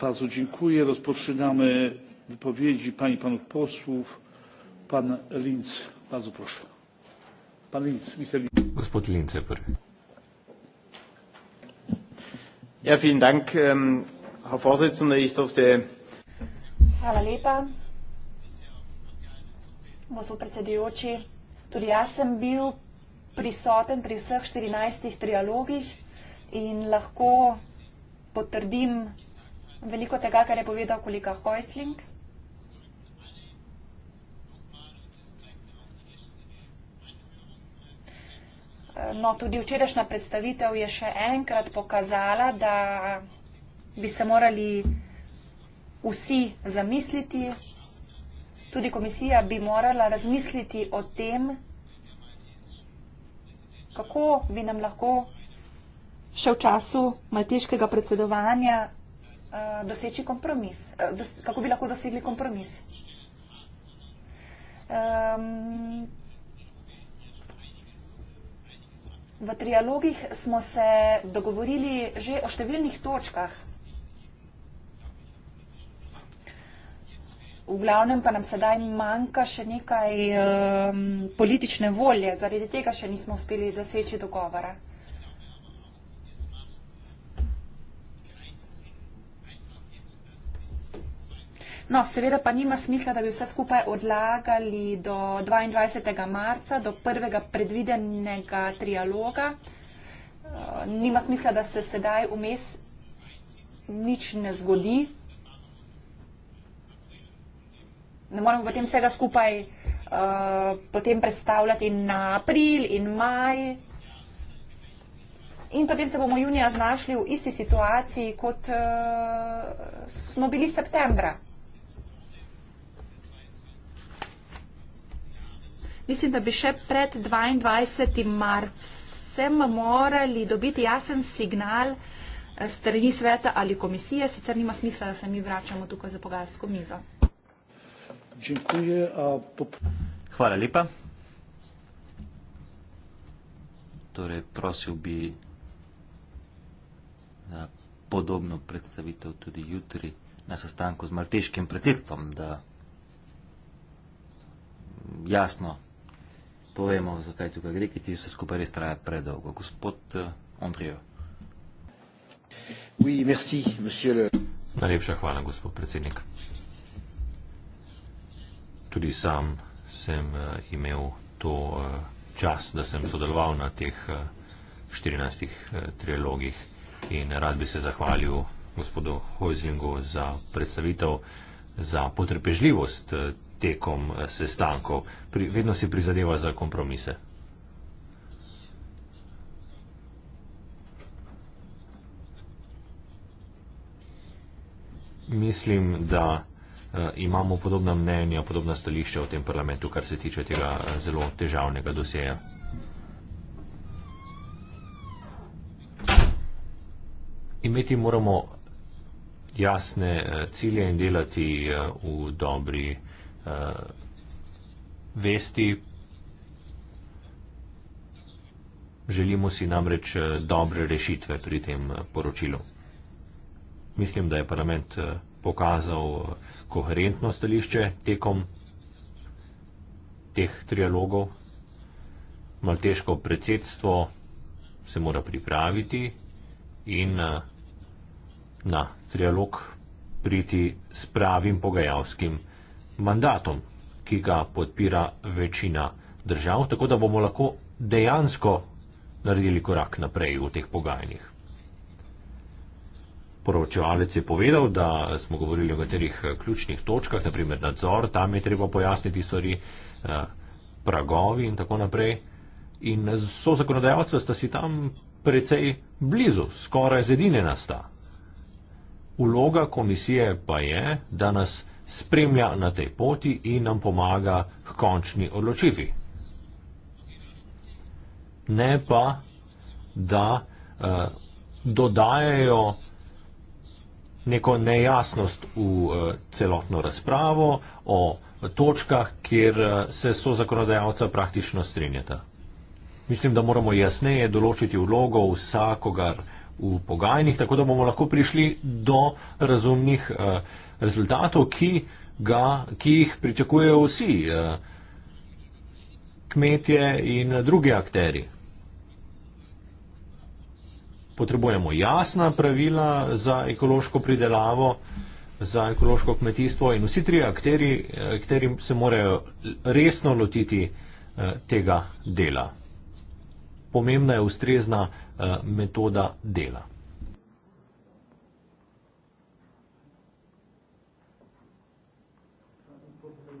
Bardzo dziękuję. Rozpoczynamy wypowiedzi pani i panów posłów. Pan Linz, bardzo proszę. Pan Linz, minister Linz. Gospodin Linz, ja, vielen Dank. Ähm, Herr Vorsitzender, ich durfte. Hvala lepa. Gospod predsedujoči, tudi jaz sem bil prisoten pri vseh 14 trialogih in lahko potrdim veliko tega, kar je povedal kolega Hojsling. No, tudi včerajšnja predstavitev je še enkrat pokazala, da bi se morali vsi zamisliti, tudi komisija bi morala razmisliti o tem, kako bi nam lahko še v času maltiškega predsedovanja uh, doseči kompromis, uh, dos kako bi lahko dosegli kompromis. Um, v trialogih smo se dogovorili že o številnih točkah, V glavnem pa nam sedaj manjka še nekaj um, politične volje, zaradi tega še nismo uspeli doseči dogovora. No, seveda pa nima smisla, da bi vse skupaj odlagali do 22. marca, do prvega predvidenega trialoga. Uh, nima smisla, da se sedaj vmes nič ne zgodi. Ne moremo potem vsega skupaj uh, potem predstavljati na april in maj. In potem se bomo junija znašli v isti situaciji, kot uh, smo bili septembra. Mislim, da bi še pred 22. marcem morali dobiti jasen signal eh, strani sveta ali komisije, sicer nima smisla, da se mi vračamo tukaj za pogajalsko mizo. Dziękuję. A Chwała lipa. Który torej, prosiłby za podobną przedstawitą tutaj jutry na zastanku z maltyjskim predsiedztwem, da jasno powiemy, za kaj tu gry, kiedy się skupaj restraja predługo. Gospod eh, Andrzej. Oui, merci, monsieur le... Najlepsza chwała, gospod predsiednik tudi sam sem uh, imel to uh, čas, da sem sodeloval na teh uh, 14 uh, trilogih in rad bi se zahvalil gospodu Hojzingu za predstavitev, za potrpežljivost uh, tekom uh, sestankov. Pri, vedno si prizadeva za kompromise. Mislim, da Eh, imamo podobna mnenja, podobna stališča v tem parlamentu, kar se tiče tega eh, zelo težavnega doseja. Imeti moramo jasne eh, cilje in delati v dobri vesti. Želimo si namreč dobre rešitve pri tem poročilu. Mislim, da je parlament pokazal, koherentno stališče tekom teh trialogov. Malteško predsedstvo se mora pripraviti in eh, na trialog priti s pravim pogajalskim mandatom, ki ga podpira večina držav, tako da bomo lahko dejansko naredili korak naprej v teh pogajanjih poročevalec je povedal, da smo govorili o nekaterih eh, ključnih točkah, naprimer nadzor, tam je treba pojasniti stvari, eh, pragovi in tako naprej. In so zakonodajalce, sta si tam precej blizu, skoraj zedine nas ta. Uloga komisije pa je, da nas spremlja na tej poti in nam pomaga k končni odločitvi. Ne pa, da uh, dodajajo neko nejasnost v eh, celotno razpravo o točkah, kjer eh, se so zakonodajalca praktično strinjata. Mislim, da moramo jasneje določiti vlogo vsakogar v pogajnih, tako da bomo lahko prišli do razumnih eh, rezultatov, ki, ga, ki jih pričakujejo vsi kmetje in drugi akteri potrebujemo jasna pravila za ekološko pridelavo, za ekološko kmetijstvo in vsi tri akteri, eh, akteri se morajo resno lotiti eh, tega dela. Pomembna je ustrezna eh, metoda dela.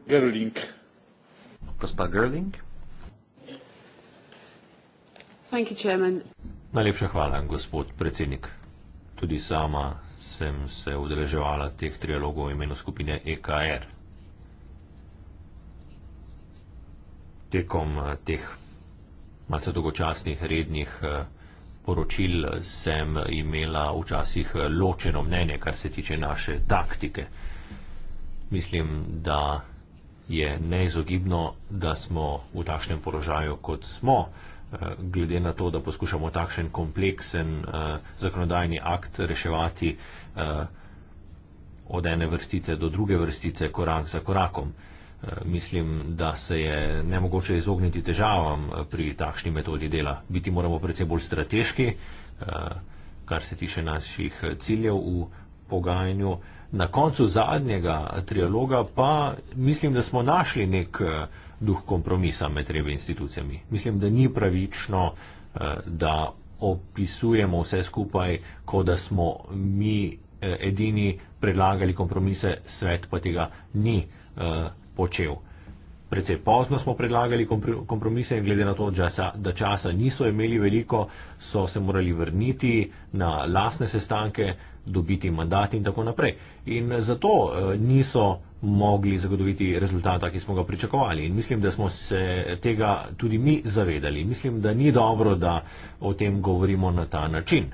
Gerling. Gospa Gerling. Thank you, Chairman. Najlepša hvala, gospod predsednik. Tudi sama sem se udeleževala teh trialogov v imenu skupine EKR. Tekom eh, teh malce dolgočasnih rednih eh, poročil sem imela včasih eh, ločeno mnenje, kar se tiče naše taktike. Mislim, da je neizogibno, da smo v takšnem položaju, kot smo. Eh, glede na to, da poskušamo takšen kompleksen uh, zakonodajni akt reševati uh, od ene vrstice do druge vrstice, korak za korakom. Uh, mislim, da se je nemogoče izogniti težavam pri takšni metodi dela. Biti moramo predvsem bolj strateški, uh, kar se tiče naših ciljev v pogajanju. Na koncu zadnjega trialoga pa mislim, da smo našli nek uh, duh kompromisa med trebe institucijami. Mislim, da ni pravično, eh, da opisujemo vse skupaj, kot da smo mi eh, edini predlagali kompromise, svet pa tega ni eh, počel. Predvsej pozno smo predlagali kompromise in glede na to, da časa niso imeli veliko, so se morali vrniti na lasne sestanke, dobiti mandat in tako naprej. In zato niso mogli zagotoviti rezultata, ki smo ga pričakovali. In mislim, da smo se tega tudi mi zavedali. Mislim, da ni dobro, da o tem govorimo na ta način.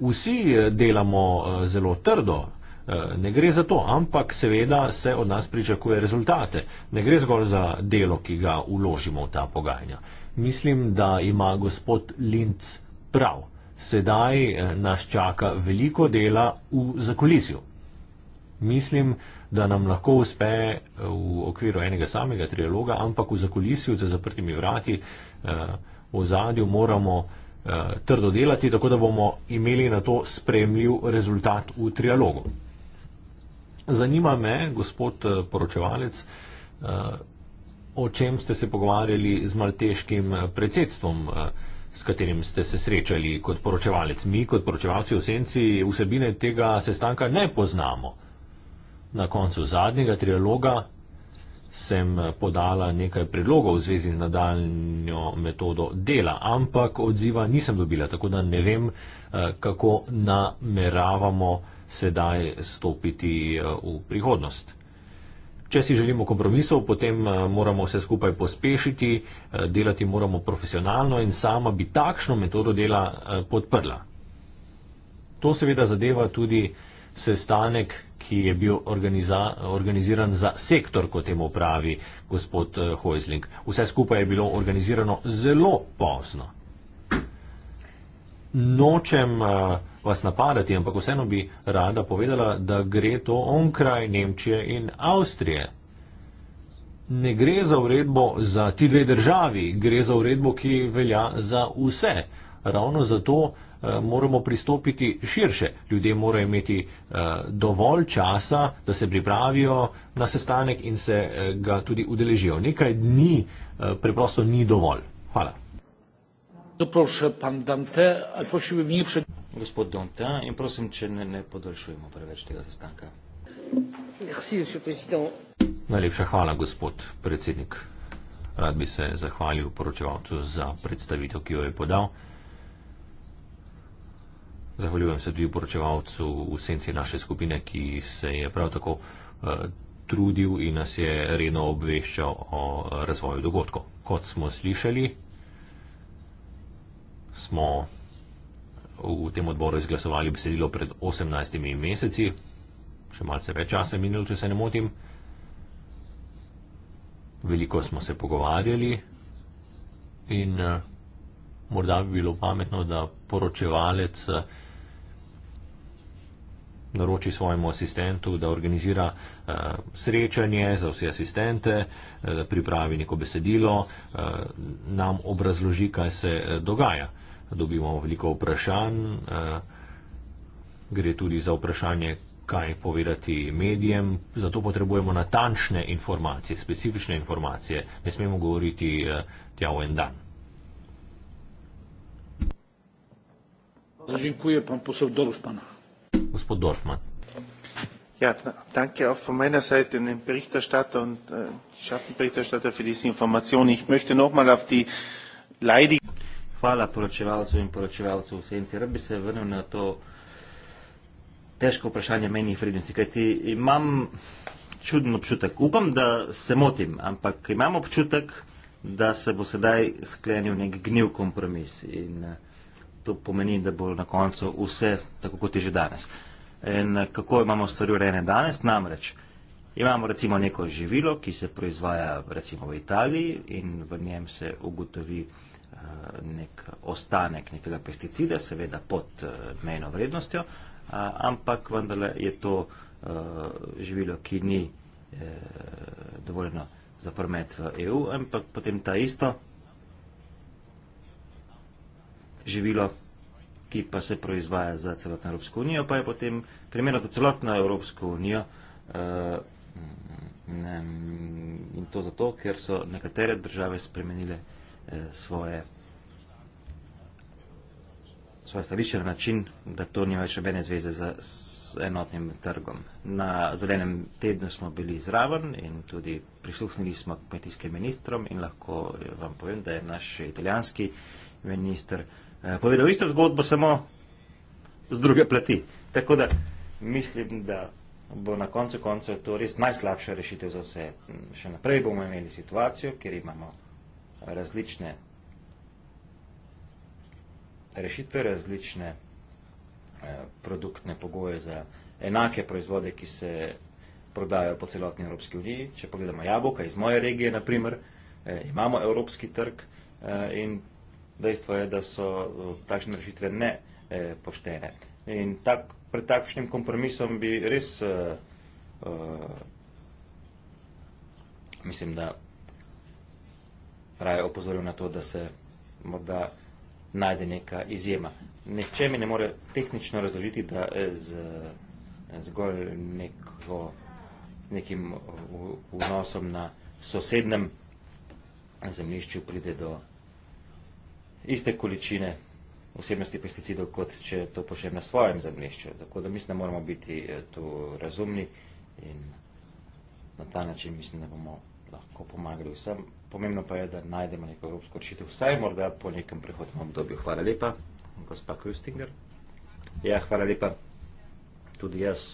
Vsi eh, delamo eh, zelo trdo, eh, ne gre za to, ampak seveda se od nas pričakuje rezultate. Ne gre zgolj za delo, ki ga uložimo v ta pogajanja. Mislim, da ima gospod Linc prav. Sedaj nas čaka veliko dela v zakolisju. Mislim, da nam lahko uspe v okviru enega samega trialoga, ampak v zakulisju, za zaprtimi vrati, eh, v zadju moramo eh, trdo delati, tako da bomo imeli na to spremljiv rezultat v trialogu. Zanima me, gospod eh, poročevalec, o čem ste se pogovarjali z malteškim predsedstvom, s katerim ste se srečali kot poročevalec. Mi, kot poročevalci v senci, vsebine tega sestanka ne poznamo na koncu zadnjega trialoga sem eh, podala nekaj predlogov v zvezi z nadaljnjo metodo dela, ampak odziva nisem dobila, tako da ne vem, eh, kako nameravamo sedaj stopiti eh, v prihodnost. Če si želimo kompromisov, potem moramo vse skupaj pospešiti, delati moramo profesionalno in sama bi takšno metodo dela podprla. To seveda zadeva tudi sestanek ki je bil organiziran za sektor, kot temu pravi gospod eh, Hojzling. Vse skupaj je bilo organizirano zelo pozno. Nočem uh, vas napadati, ampak vseeno bi rada povedala, da gre to onkraj Nemčije in Avstrije. Ne gre za uredbo za ti dve državi, gre za uredbo, ki velja za vse. Ravno zato Eh, moramo pristopiti širše. Ljudje morajo imeti eh, dovolj časa, da se pripravijo na sestanek in se eh, ga tudi udeležijo. Nekaj dni preprosto ni dovolj. Hvala. Gospod Donta in prosim, če ne, ne podaljšujemo preveč tega sestanka. Najlepša hvala, gospod predsednik. Rad bi se zahvalil poročevalcu za predstavitev, ki jo je podal. Zahvaljujem se tudi poročevalcu v senci naše skupine, ki se je prav tako uh, trudil in nas je redno obveščal o razvoju dogodkov. Kot smo slišali, smo v tem odboru izglasovali besedilo pred 18 meseci, še malce več časa je minilo, če se ne motim. Veliko smo se pogovarjali in uh, morda bi bilo pametno, da poročevalec uh, naroči svojemu asistentu, da organizira uh, srečanje za vse asistente, uh, da pripravi neko besedilo, uh, nam obrazloži, kaj se uh, dogaja. Dobimo veliko vprašanj, uh, gre tudi za vprašanje, kaj povedati medijem. Zato potrebujemo natančne informacije, specifične informacije. Ne smemo govoriti uh, tja v en dan. Dziękuję pan poseł Dorf, pana. Gospod Dorfman. Ja, danke auch von meiner Seite an den Berichterstatter und äh, Schattenberichterstatter für diese Information. Ich möchte nochmal auf die leidige. Hvala poročevalcu in poročevalcu v senci. Rad bi se vrnil na to težko vprašanje menjih vrednosti, kajti imam čuden občutek. Upam, da se motim, ampak imam občutek, da se bo sedaj sklenil nek gnil kompromis. In, uh, to pomeni, da bo na koncu vse tako, kot je že danes. In eh, kako imamo stvari urejene danes? Namreč imamo recimo neko živilo, ki se proizvaja recimo v Italiji in v njem se ugotovi eh, nek ostanek nekega pesticida, seveda pod eh, mejno vrednostjo, ampak vendarle je to živilo, ki ni dovoljeno za promet v EU, ampak potem ta isto živilo, ki pa se proizvaja za celotno Evropsko unijo, pa je potem primerno za celotno Evropsko unijo. Eh, ne, in to zato, ker so nekatere države spremenile eh, svoje, svoje stališče na način, da to nima še bene zveze z enotnim trgom. Na zelenem tednu smo bili zraven in tudi prisluhnili smo kmetijskim ministrom in lahko vam povem, da je naš italijanski minister eh, Eh, povedal isto zgodbo, samo z druge plati. Tako da mislim, da bo na koncu koncev to res najslabša rešitev za vse. Še naprej bomo imeli situacijo, kjer imamo različne rešitve, različne eh, produktne pogoje za enake proizvode, ki se prodajo po celotni Evropski uniji. Če pogledamo jabolka iz moje regije, naprimer, eh, imamo evropski trg in dejstvo je, da so uh, takšne rešitve ne eh, poštene. In tak, pred takšnim kompromisom bi res, eh, eh, mislim, da raje opozoril na to, da se morda najde neka izjema. Nihče mi ne more tehnično razložiti, da eh, z, zgolj neko, nekim vnosom na sosednem zemljišču pride do iste količine vsebnosti pesticidov, kot če to počnem na svojem zemlišču. Tako da mislim, da moramo biti eh, tu razumni in na ta način mislim, da bomo lahko pomagali vsem. Pomembno pa je, da najdemo neko evropsko rešitev, vsaj morda po nekem prehodnem obdobju. Hvala lepa, gospa Kustinger. Ja, hvala lepa. Tudi jaz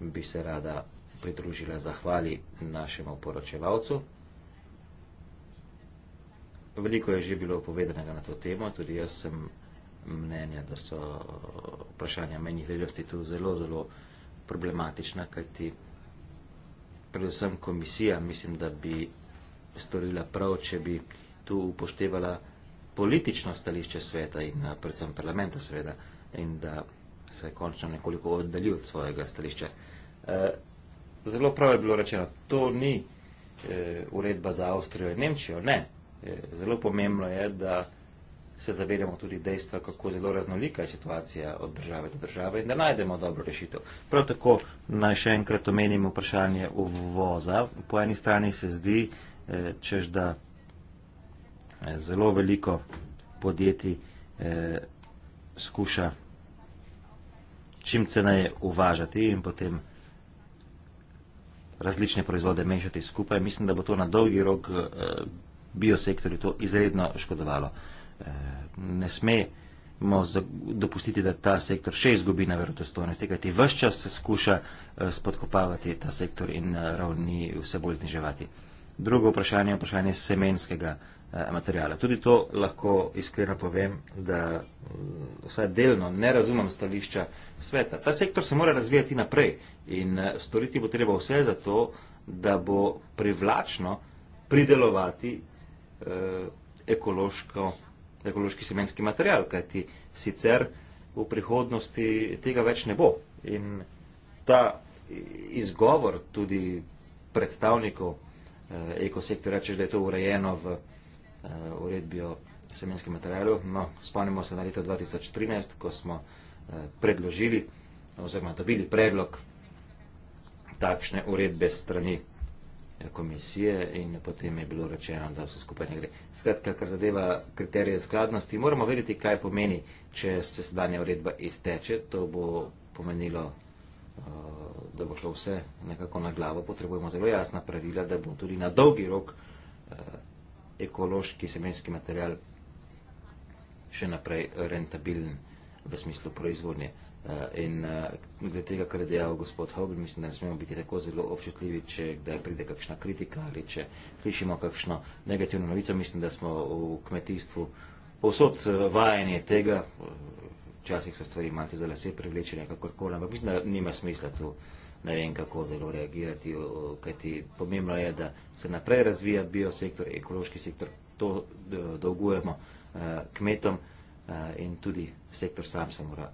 bi se rada pridružila zahvali našemu poročevalcu. Veliko je že bilo povedanega na to temo, tudi jaz sem mnenja, da so vprašanja menjih vrednosti tu zelo, zelo problematična, kajti predvsem komisija mislim, da bi storila prav, če bi tu upoštevala politično stališče sveta in eh, predvsem parlamenta sveda in da se je končno nekoliko oddalil od svojega stališča. Eh, zelo prav je bilo rečeno, to ni eh, uredba za Avstrijo in Nemčijo, ne. Eh, zelo pomembno je, da se zavedamo tudi dejstva, kako zelo raznolika je situacija od države do države in da najdemo dobro rešitev. Prav tako naj še enkrat omenimo vprašanje uvoza. Po eni strani se zdi, eh, čež da eh, zelo veliko podjetij skuša čim ceneje uvažati in potem različne proizvode mešati skupaj. Mislim, da bo to na dolgi rok biosektorju to izredno škodovalo. Eh, ne smemo dopustiti, da ta sektor še izgubi na verodostojnosti, kajti vse čas se skuša eh, spodkopavati ta sektor in eh, ravni vse bolj zniževati. Drugo vprašanje je vprašanje semenskega materijala. Tudi to lahko iskreno povem, da mm, vsaj delno ne razumem stališča sveta. Ta sektor se mora razvijati naprej in storiti bo treba vse za to, da bo privlačno pridelovati Eh, ekološko, ekološki semenski material, kajti sicer v prihodnosti tega več ne bo. In ta izgovor tudi predstavnikov eh, ekosektorja, če da je to urejeno v eh, uredbi o semenskem materialu, no, spomnimo se na leto 2013, ko smo predložili oziroma dobili predlog takšne uredbe strani komisije in potem je bilo rečeno, da vse skupaj ne gre. Skratka, kar zadeva kriterije skladnosti, moramo vedeti, kaj pomeni, če se sedanja uredba izteče. To bo pomenilo, eh, da bo šlo vse nekako na glavo. Potrebujemo zelo jasna pravila, da bo tudi na dolgi rok eh, ekološki semenski material še naprej rentabilen v smislu proizvodnje. Eh, in eh, glede tega, kar je dejal gospod Hogan, mislim, da ne smemo biti tako zelo občutljivi, če kdaj pride kakšna kritika ali če slišimo kakšno negativno novico. Mislim, da smo v kmetijstvu povsod eh, vajeni tega, včasih so stvari malce za lase privlečene, kakorkoli, ampak mislim, da nima smisla tu. Ne vem, kako zelo reagirati, kajti pomembno je, da se naprej razvija biosektor, ekološki sektor, to dolgujemo kmetom in tudi sektor sam se mora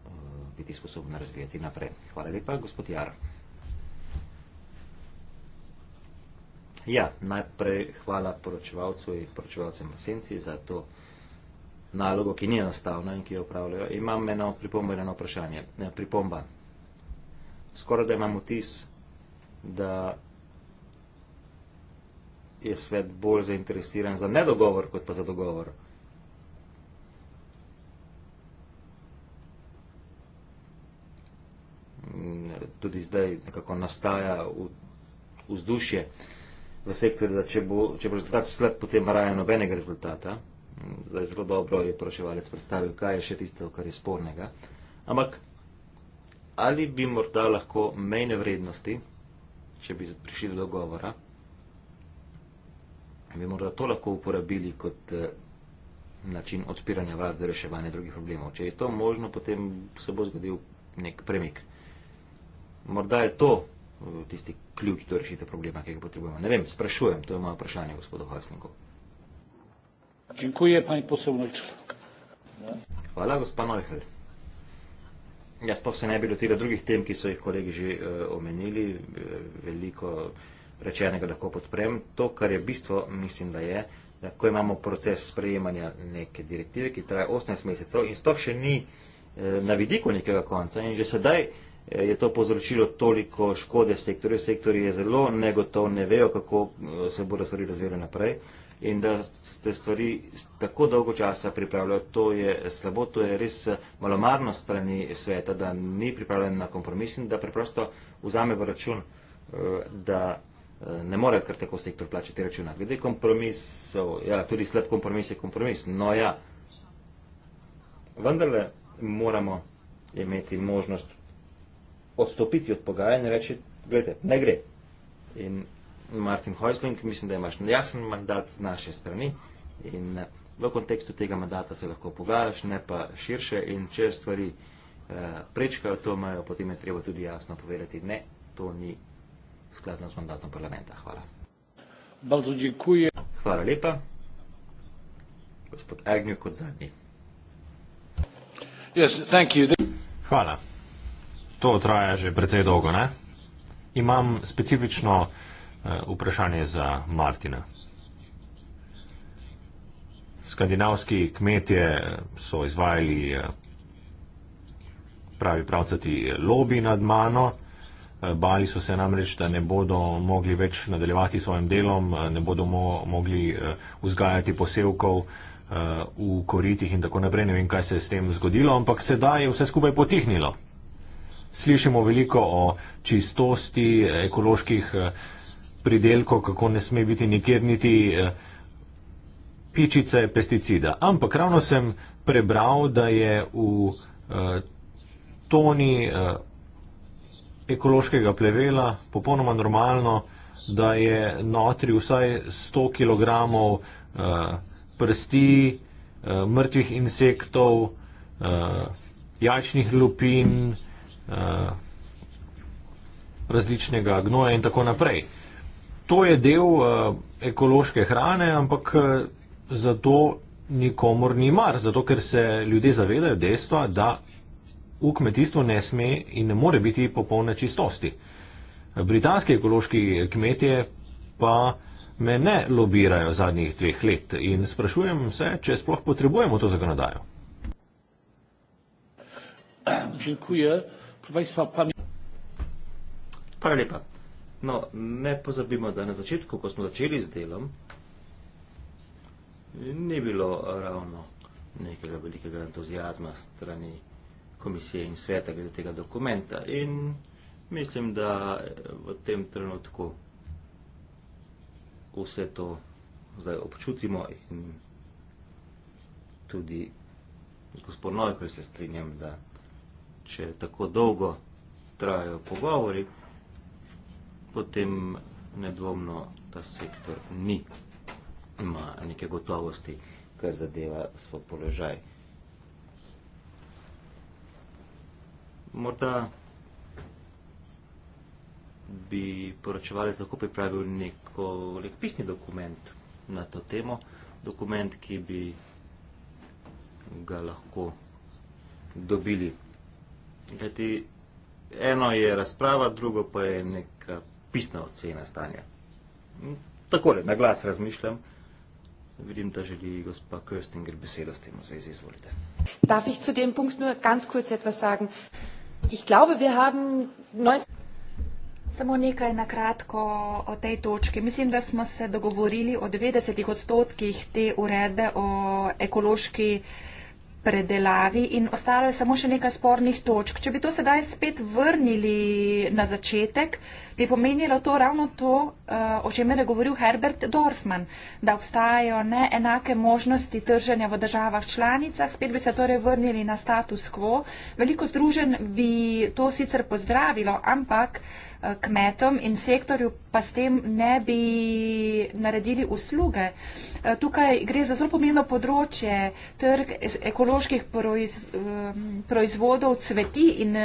biti sposobna razvijati naprej. Hvala lepa, gospod Jar. Ja, najprej hvala poročevalcu in poročevalcem v senci za to nalogo, ki ni enostavna in ki jo upravljajo. Imam eno pripombo in eno vprašanje. Ne, ja, pripomba. Skoraj da imam vtis, da je svet bolj zainteresiran za nedogovor, kot pa za dogovor. tudi zdaj nekako nastaja v, vzdušje v sektorju, da če bo, če bo rezultat slab, potem raje nobenega rezultata. Zdaj zelo dobro je poročevalec predstavil, kaj je še tisto, kar je spornega. Ampak ali bi morda lahko mejne vrednosti, če bi prišli do dogovora, bi morda to lahko uporabili kot eh, način odpiranja vrat za reševanje drugih problemov. Če je to možno, potem se bo zgodil nek premik. Morda je to eh, tisti ključ do rešitve problema, ki ga potrebujemo. Ne vem, sprašujem, to je moje vprašanje, gospodu Hasniku. Dziękuję, panie poseł Nojcz. Hvala, gospod Nojhel. Ja, sploh se ne bi dotila drugih tem, ki so jih kolegi že eh, omenili, eh, veliko rečenega lahko podprem. To, kar je bistvo, mislim, da je, da ko imamo proces sprejemanja neke direktive, ki traja 18 mesecev in sploh še ni na vidiku nekega konca in že sedaj Eh, je to povzročilo toliko škode sektorju. Sektor je zelo negotov, ne vejo, kako eh, se bodo stvari razvijale naprej. In da ste stvari tako dolgo časa pripravljali, to je slabo, to je res malomarno strani sveta, da ni pripravljen na kompromis in da preprosto vzame v račun, eh, da ne more kar tako sektor plačati računa. Glede kompromisov, ja, tudi slab kompromis je kompromis, no ja, vendarle moramo imeti možnost odstopiti od pogajanja in reči, gledajte, ne gre. In Martin Hojsling, mislim, da imaš jasen mandat z naše strani in eh, v kontekstu tega mandata se lahko pogajaš, ne pa širše in če stvari eh, prečkajo to mejo, potem je treba tudi jasno povedati, ne, to ni skladno z mandatom parlamenta. Hvala. Bardzo dziękuję. Hvala lepa. Gospod Agnew kot zadnji. Yes, thank you. Hvala to traja že precej dolgo, ne? Imam specifično uh, vprašanje za Martina. Skandinavski kmetje so izvajali uh, pravi pravcati lobi nad mano. Eh, bali so se namreč, da ne bodo mogli več nadaljevati svojim delom, ne bodo mo mogli vzgajati posevkov v koritih in tako naprej. Ne vem, kaj se je s tem zgodilo, ampak sedaj je vse skupaj potihnilo slišimo veliko o čistosti ekoloških eh, pridelkov, kako ne sme biti nikjer niti eh, pičice pesticida. Ampak ravno sem prebral, da je v eh, toni ekološkega plevela popolnoma normalno, da je notri vsaj 100 kg prsti, mrtvih insektov, jačnih lupin, Eh, različnega gnoja in tako naprej. To je del uh, ekološke hrane, ampak eh, zato nikomor ni mar, zato ker se ljudje zavedajo dejstva, da v kmetijstvu ne sme in ne more biti popolne čistosti. Britanski ekološki kmetje pa me ne lobirajo zadnjih dveh let in sprašujem se, če sploh potrebujemo to zakonodajo. Dziękuję. Proszę Państwa, pamię... Hvala lepa. No, ne pozabimo, da na začetku, ko smo začeli z delom, ni bilo ravno nekega velikega entuzijazma strani komisije in sveta glede tega dokumenta. In mislim, da v tem trenutku vse to zdaj občutimo in tudi z gospod Novikov se strinjam, da je če tako dolgo trajajo pogovori, potem nedvomno ta sektor ni, ima neke gotovosti, kar zadeva svoj položaj. Morda bi poročevalec lahko pripravil neko lek pisni dokument na to temo, dokument, ki bi ga lahko dobili. Kajti eno je razprava, drugo pa je neka pisna ocena stanja. Takore, na glas razmišljam. Vidim, da želi gospa Köstinger besedo s tem v zvezi, izvolite. Darf ich zu dem Punkt nur ganz kurz etwas sagen? Ich glaube, wir haben 19... Samo nekaj na kratko o tej točki. Mislim, da smo se dogovorili o 90 odstotkih te uredbe o ekološki uh, predelavi in ostalo je samo še nekaj spornih točk. Če bi to sedaj spet vrnili na začetek, bi pomenilo to ravno to, eh, o čemer je govoril Herbert Dorfman, da obstajajo neenake možnosti trženja v državah članicah, spet bi se torej vrnili na status quo. Veliko združen bi to sicer pozdravilo, ampak Eh, kmetom in sektorju, pa s tem ne bi naredili usluge. Eh, tukaj gre za zelo pomembno področje, trg ekoloških proizvodov cveti in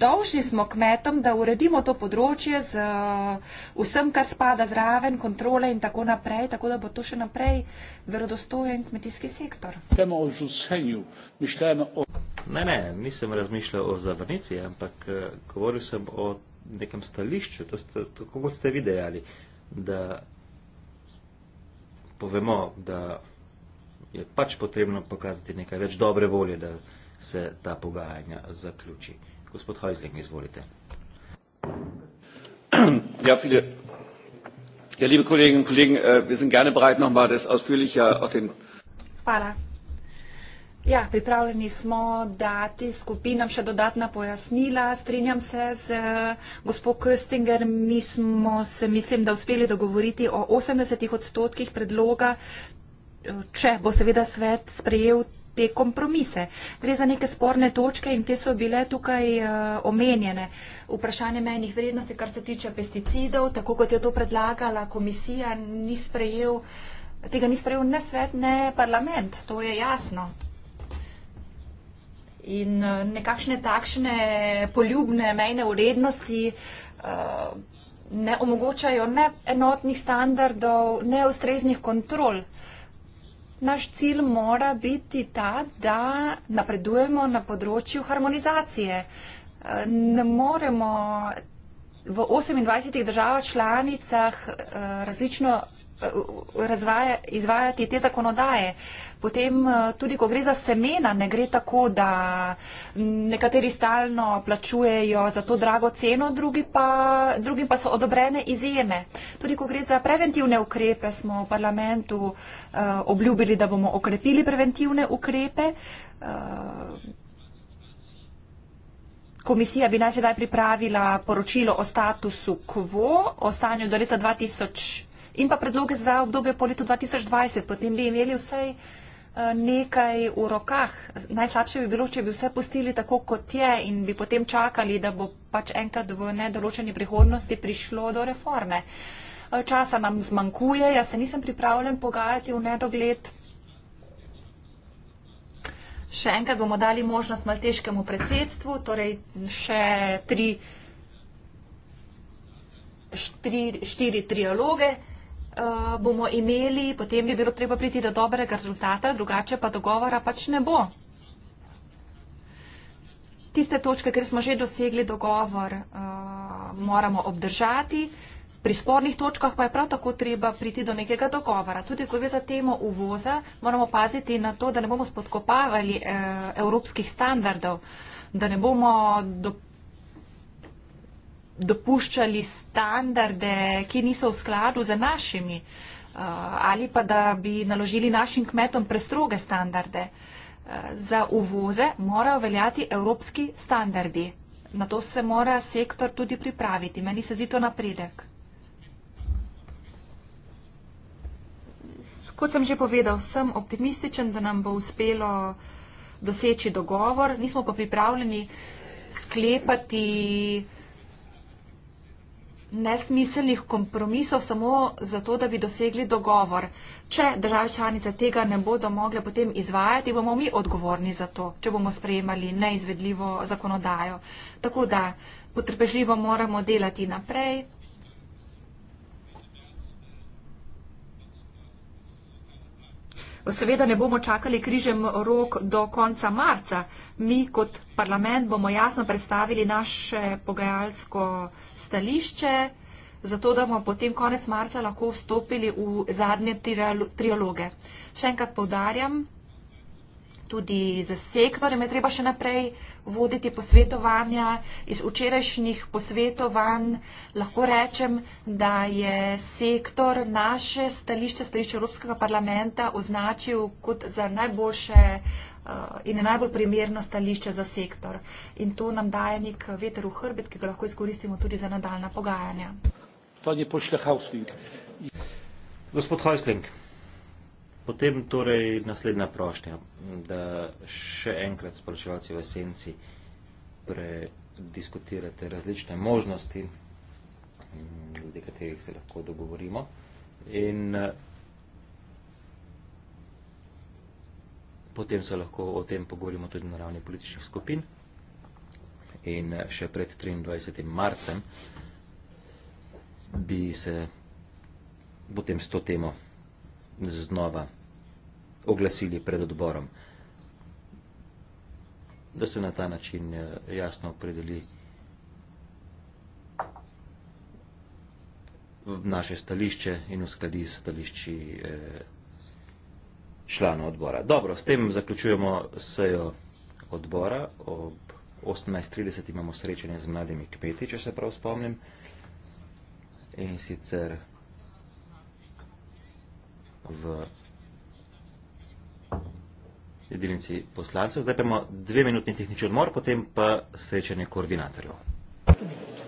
dolžni smo kmetom, da uredimo to področje z eh, vsem, kar spada zraven, kontrole in tako naprej, tako da bo to še naprej verodostojen kmetijski sektor. Ne, ne, nisem razmišljal o zavrnitvi, ampak govoril sem o nekem stališču, to ste, to, kako kot ste vi dejali, da povemo, da je pač potrebno pokazati nekaj več dobre volje, da se ta pogajanja zaključi. Gospod Hojzlik, izvolite. Ja, viele, ja, liebe Kolleginnen in Kollegen, äh, wir sind gerne bereit, nochmal das ausführlicher auf den. Hvala. Ja, pripravljeni smo dati skupinam še dodatna pojasnila. Strinjam se z eh, gospod Köstinger, mi smo se, mislim, da uspeli dogovoriti o 80 odstotkih predloga, če bo seveda svet sprejel te kompromise. Gre za neke sporne točke in te so bile tukaj eh, omenjene. Vprašanje menjih vrednosti, kar se tiče pesticidov, tako kot je to predlagala komisija, ni sprejel, tega ni sprejel ne svet, ne parlament, to je jasno in eh, nekakšne takšne poljubne mejne urednosti eh, ne omogočajo ne enotnih standardov, ne ustreznih kontrol. Naš cilj mora biti ta, da napredujemo na področju harmonizacije. Eh, ne moremo v 28 državah članicah različno Eh, razvaja, izvajati te zakonodaje. Potem eh, tudi, ko gre za semena, ne gre tako, da nekateri stalno plačujejo za to drago ceno, drugi pa, drugim pa so odobrene izjeme. Tudi, ko gre za preventivne ukrepe, smo v parlamentu uh, obljubili, da bomo okrepili preventivne ukrepe. Uh, Komisija bi naj sedaj pripravila poročilo o statusu quo, o stanju do leta 2020 in pa predloge za obdobje po letu 2020. Potem bi imeli vse eh, nekaj v rokah. Najslabše bi bilo, če bi vse pustili tako, kot je in bi potem čakali, da bo pač enkrat v nedoločeni prihodnosti prišlo do reforme. Eh, časa nam zmanjkuje, jaz se nisem pripravljen pogajati v nedogled. Še enkrat bomo dali možnost malteškemu predsedstvu, torej še tri, štiri, štiri trialoge uh, bomo imeli, potem je bilo treba priti do dobrega rezultata, drugače pa dogovora pač ne bo. Tiste točke, kjer smo že dosegli dogovor, uh, moramo obdržati. Pri spornih točkah pa je prav tako treba priti do nekega dogovora. Tudi, ko gre za temo uvoza, moramo paziti na to, da ne bomo spodkopavali eh, evropskih standardov, da ne bomo dopustili dopuščali standarde, ki niso v skladu z našimi eh, ali pa da bi naložili našim kmetom prestroge standarde. Eh, za uvoze morajo veljati evropski standardi. Na to se mora sektor tudi pripraviti. Meni se zdi to napredek. Kot sem že povedal, sem optimističen, da nam bo uspelo doseči dogovor. Nismo pa pripravljeni sklepati nesmiselnih kompromisov samo zato, da bi dosegli dogovor. Če države članice tega ne bodo mogle potem izvajati, bomo mi odgovorni za to, če bomo sprejemali neizvedljivo zakonodajo. Tako da potrpežljivo moramo delati naprej. Seveda ne bomo čakali križem rok do konca marca. Mi kot parlament bomo jasno predstavili naše pogajalsko stališče, zato da bomo potem konec marca lahko vstopili v zadnje trialoge. Še enkrat povdarjam, tudi za sektor je treba še naprej voditi posvetovanja. Iz včerajšnjih posvetovanj lahko rečem, da je sektor naše stališče, stališče Evropskega parlamenta označil kot za najboljše in je najbolj primerno stališče za sektor. In to nam daje nek veter v hrbet, ki ga lahko izkoristimo tudi za nadaljna pogajanja. Gospod Hausling, potem torej naslednja prošnja, da še enkrat sporočevalci v esenci prediskutirate različne možnosti, glede katerih se lahko dogovorimo. In potem se lahko o tem pogovorimo tudi na ravni političnih skupin. In eh, še pred 23. marcem bi se potem s to temo znova oglasili pred odborom, da se na ta način eh, jasno opredeli naše stališče in uskladi s stališči eh, člana odbora. Dobro, s tem zaključujemo sejo odbora. Ob 18.30 imamo srečanje z mladimi kmeti, če se prav spomnim. In sicer v jedilnici poslancev. Zdaj pa imamo dve minutni tehnični odmor, potem pa srečanje koordinatorjev. Thank you.